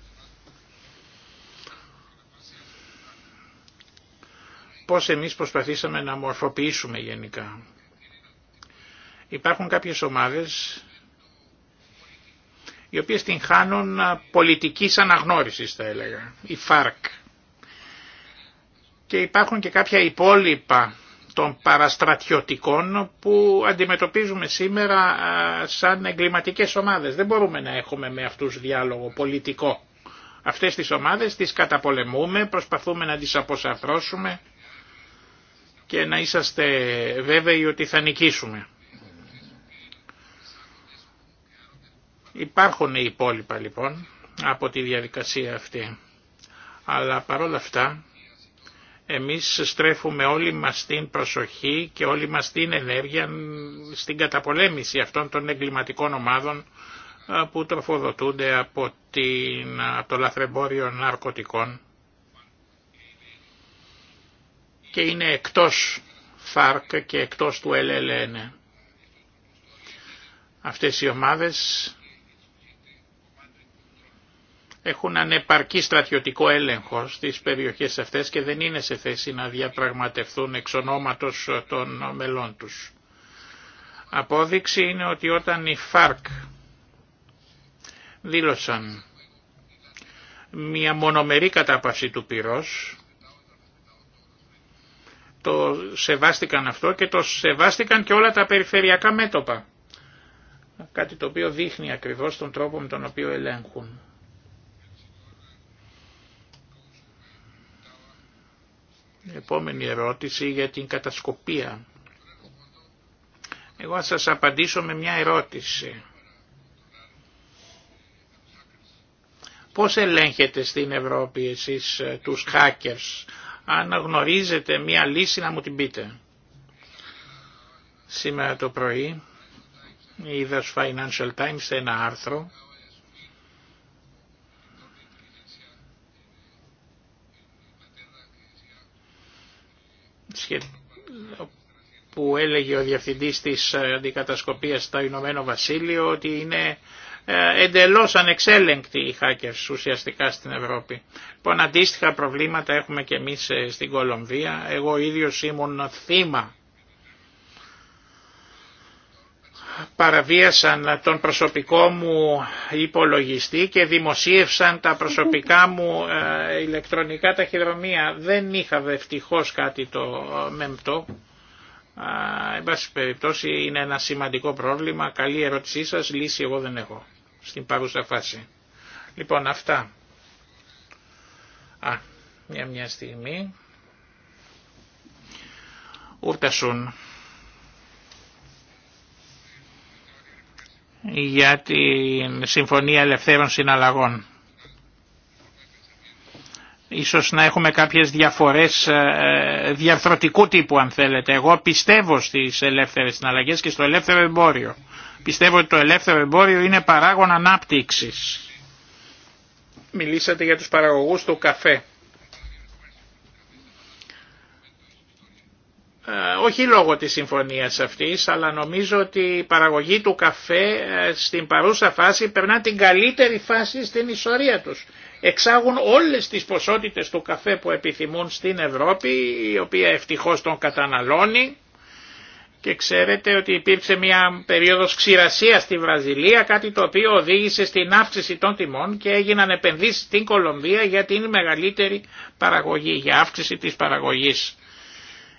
πώς εμείς προσπαθήσαμε να μορφοποιήσουμε γενικά. Υπάρχουν κάποιες ομάδες οι οποίες την χάνουν πολιτικής αναγνώρισης θα έλεγα, η ΦΑΡΚ. Και υπάρχουν και κάποια υπόλοιπα των παραστρατιωτικών που αντιμετωπίζουμε σήμερα σαν εγκληματικές ομάδες. Δεν μπορούμε να έχουμε με αυτούς διάλογο πολιτικό. Αυτές τις ομάδες τις καταπολεμούμε, προσπαθούμε να τις αποσαφρώσουμε και να είσαστε βέβαιοι ότι θα νικήσουμε. Υπάρχουν οι υπόλοιπα λοιπόν από τη διαδικασία αυτή. Αλλά παρόλα αυτά εμείς στρέφουμε όλη μας την προσοχή και όλη μας την ενέργεια στην καταπολέμηση αυτών των εγκληματικών ομάδων που τροφοδοτούνται από, την, από το λαθρεμπόριο ναρκωτικών και είναι εκτός ΦΑΡΚ και εκτός του ΕΛΕΛΕΝΕ. Αυτές οι ομάδες έχουν ανεπαρκή στρατιωτικό έλεγχο στις περιοχές αυτές και δεν είναι σε θέση να διαπραγματευτούν εξ ονόματος των μελών τους. Απόδειξη είναι ότι όταν οι ΦΑΡΚ δήλωσαν μια μονομερή κατάπαυση του πυρός, το σεβάστηκαν αυτό και το σεβάστηκαν και όλα τα περιφερειακά μέτωπα. Κάτι το οποίο δείχνει ακριβώς τον τρόπο με τον οποίο ελέγχουν. Επόμενη ερώτηση για την κατασκοπία. Εγώ θα σας απαντήσω με μια ερώτηση. Πώς ελέγχετε στην Ευρώπη εσείς ε, τους hackers, αν γνωρίζετε μία λύση να μου την πείτε. Σήμερα το πρωί είδα στο Financial Times ένα άρθρο που έλεγε ο διευθυντής της αντικατασκοπίας στο Ηνωμένο Βασίλειο ότι είναι ε, εντελώς ανεξέλεγκτοι οι hackers ουσιαστικά στην Ευρώπη. Λοιπόν, αντίστοιχα προβλήματα έχουμε και εμείς ε, στην Κολομβία. Εγώ ίδιος ήμουν θύμα. Παραβίασαν τον προσωπικό μου υπολογιστή και δημοσίευσαν τα προσωπικά μου ε, ηλεκτρονικά ταχυδρομεία. Δεν είχα δευτυχώς κάτι το μεμπτό. Εν πάση περιπτώσει είναι ένα σημαντικό πρόβλημα. Καλή ερώτησή σας, λύση εγώ δεν έχω στην παρούσα φάση. Λοιπόν αυτά. Α, μια μια στιγμή. Ούρτασουν. για την Συμφωνία Ελευθέρων Συναλλαγών. Ίσως να έχουμε κάποιες διαφορές ε, ε, διαρθρωτικού τύπου αν θέλετε. Εγώ πιστεύω στις ελεύθερες συναλλαγές και στο ελεύθερο εμπόριο. Πιστεύω ότι το ελεύθερο εμπόριο είναι παράγων ανάπτυξης. Μιλήσατε για τους παραγωγούς του καφέ. Ε, όχι λόγω της συμφωνίας αυτής, αλλά νομίζω ότι η παραγωγή του καφέ στην παρούσα φάση περνά την καλύτερη φάση στην ιστορία τους εξάγουν όλες τις ποσότητες του καφέ που επιθυμούν στην Ευρώπη, η οποία ευτυχώς τον καταναλώνει. Και ξέρετε ότι υπήρξε μια περίοδος ξηρασία στη Βραζιλία, κάτι το οποίο οδήγησε στην αύξηση των τιμών και έγιναν επενδύσεις στην Κολομβία για την μεγαλύτερη παραγωγή, για αύξηση της παραγωγής.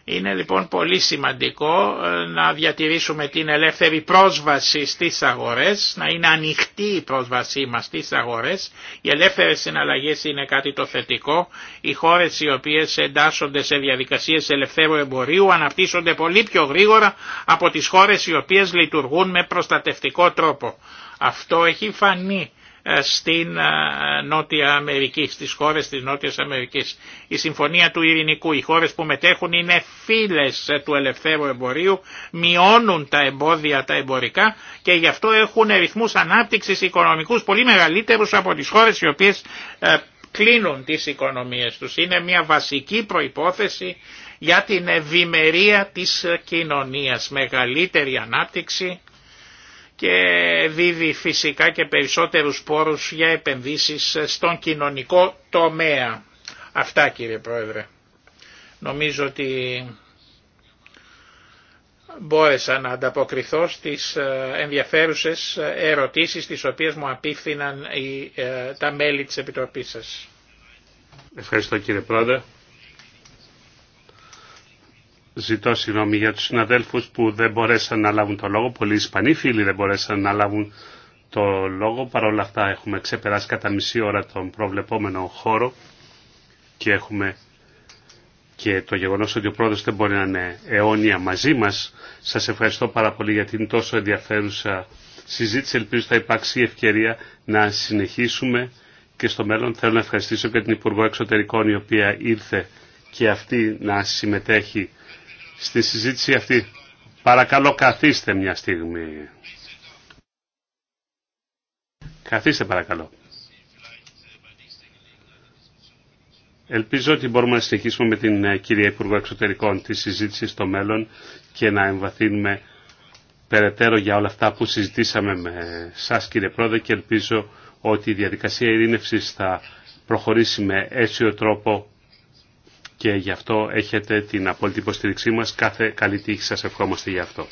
Είναι λοιπόν πολύ σημαντικό ε, να διατηρήσουμε την ελεύθερη πρόσβαση στις αγορές, να είναι ανοιχτή η πρόσβασή μας στις αγορές. Οι ελεύθερες συναλλαγές είναι κάτι το θετικό. Οι χώρες οι οποίες εντάσσονται σε διαδικασίες ελευθέρου εμπορίου αναπτύσσονται πολύ πιο γρήγορα από τις χώρες οι οποίες λειτουργούν με προστατευτικό τρόπο. Αυτό έχει φανεί στην Νότια Αμερική, στις χώρες της Νότιας Αμερικής. Η Συμφωνία του Ειρηνικού, οι χώρες που μετέχουν είναι φίλες του ελευθέρου εμπορίου, μειώνουν τα εμπόδια τα εμπορικά και γι' αυτό έχουν ρυθμούς ανάπτυξης οικονομικούς πολύ μεγαλύτερους από τις χώρες οι οποίες ε, κλείνουν τις οικονομίες τους. Είναι μια βασική προϋπόθεση για την ευημερία της κοινωνίας, μεγαλύτερη ανάπτυξη και δίδει φυσικά και περισσότερους πόρους για επενδύσεις στον κοινωνικό τομέα. Αυτά κύριε Πρόεδρε. Νομίζω ότι μπόρεσα να ανταποκριθώ στις ε, ενδιαφέρουσες ερωτήσεις τις οποίες μου απίφθηναν ε, τα μέλη της Επιτροπής σας. Ευχαριστώ κύριε Πρόεδρε. Ζητώ συγγνώμη για τους συναδέλφους που δεν μπορέσαν να λάβουν το λόγο. Πολλοί Ισπανοί φίλοι δεν μπορέσαν να λάβουν το λόγο. Παρ' όλα αυτά έχουμε ξεπεράσει κατά μισή ώρα τον προβλεπόμενο χώρο και έχουμε και το γεγονός ότι ο πρόεδρος δεν μπορεί να είναι αιώνια μαζί μας. Σας ευχαριστώ πάρα πολύ για την τόσο ενδιαφέρουσα συζήτηση. Ελπίζω θα υπάρξει η ευκαιρία να συνεχίσουμε και στο μέλλον. Θέλω να ευχαριστήσω και την Υπουργό Εξωτερικών η οποία ήρθε και αυτή να συμμετέχει στη συζήτηση αυτή. Παρακαλώ καθίστε μια στιγμή. Καθίστε παρακαλώ. Ελπίζω ότι μπορούμε να συνεχίσουμε με την ε, κυρία Υπουργό Εξωτερικών τη συζήτηση στο μέλλον και να εμβαθύνουμε περαιτέρω για όλα αυτά που συζητήσαμε με σας κύριε Πρόεδρε και ελπίζω ότι η διαδικασία ειρήνευσης θα προχωρήσει με αίσιο τρόπο και γι' αυτό έχετε την απόλυτη υποστήριξή μας. Κάθε καλή τύχη σας ευχόμαστε γι' αυτό.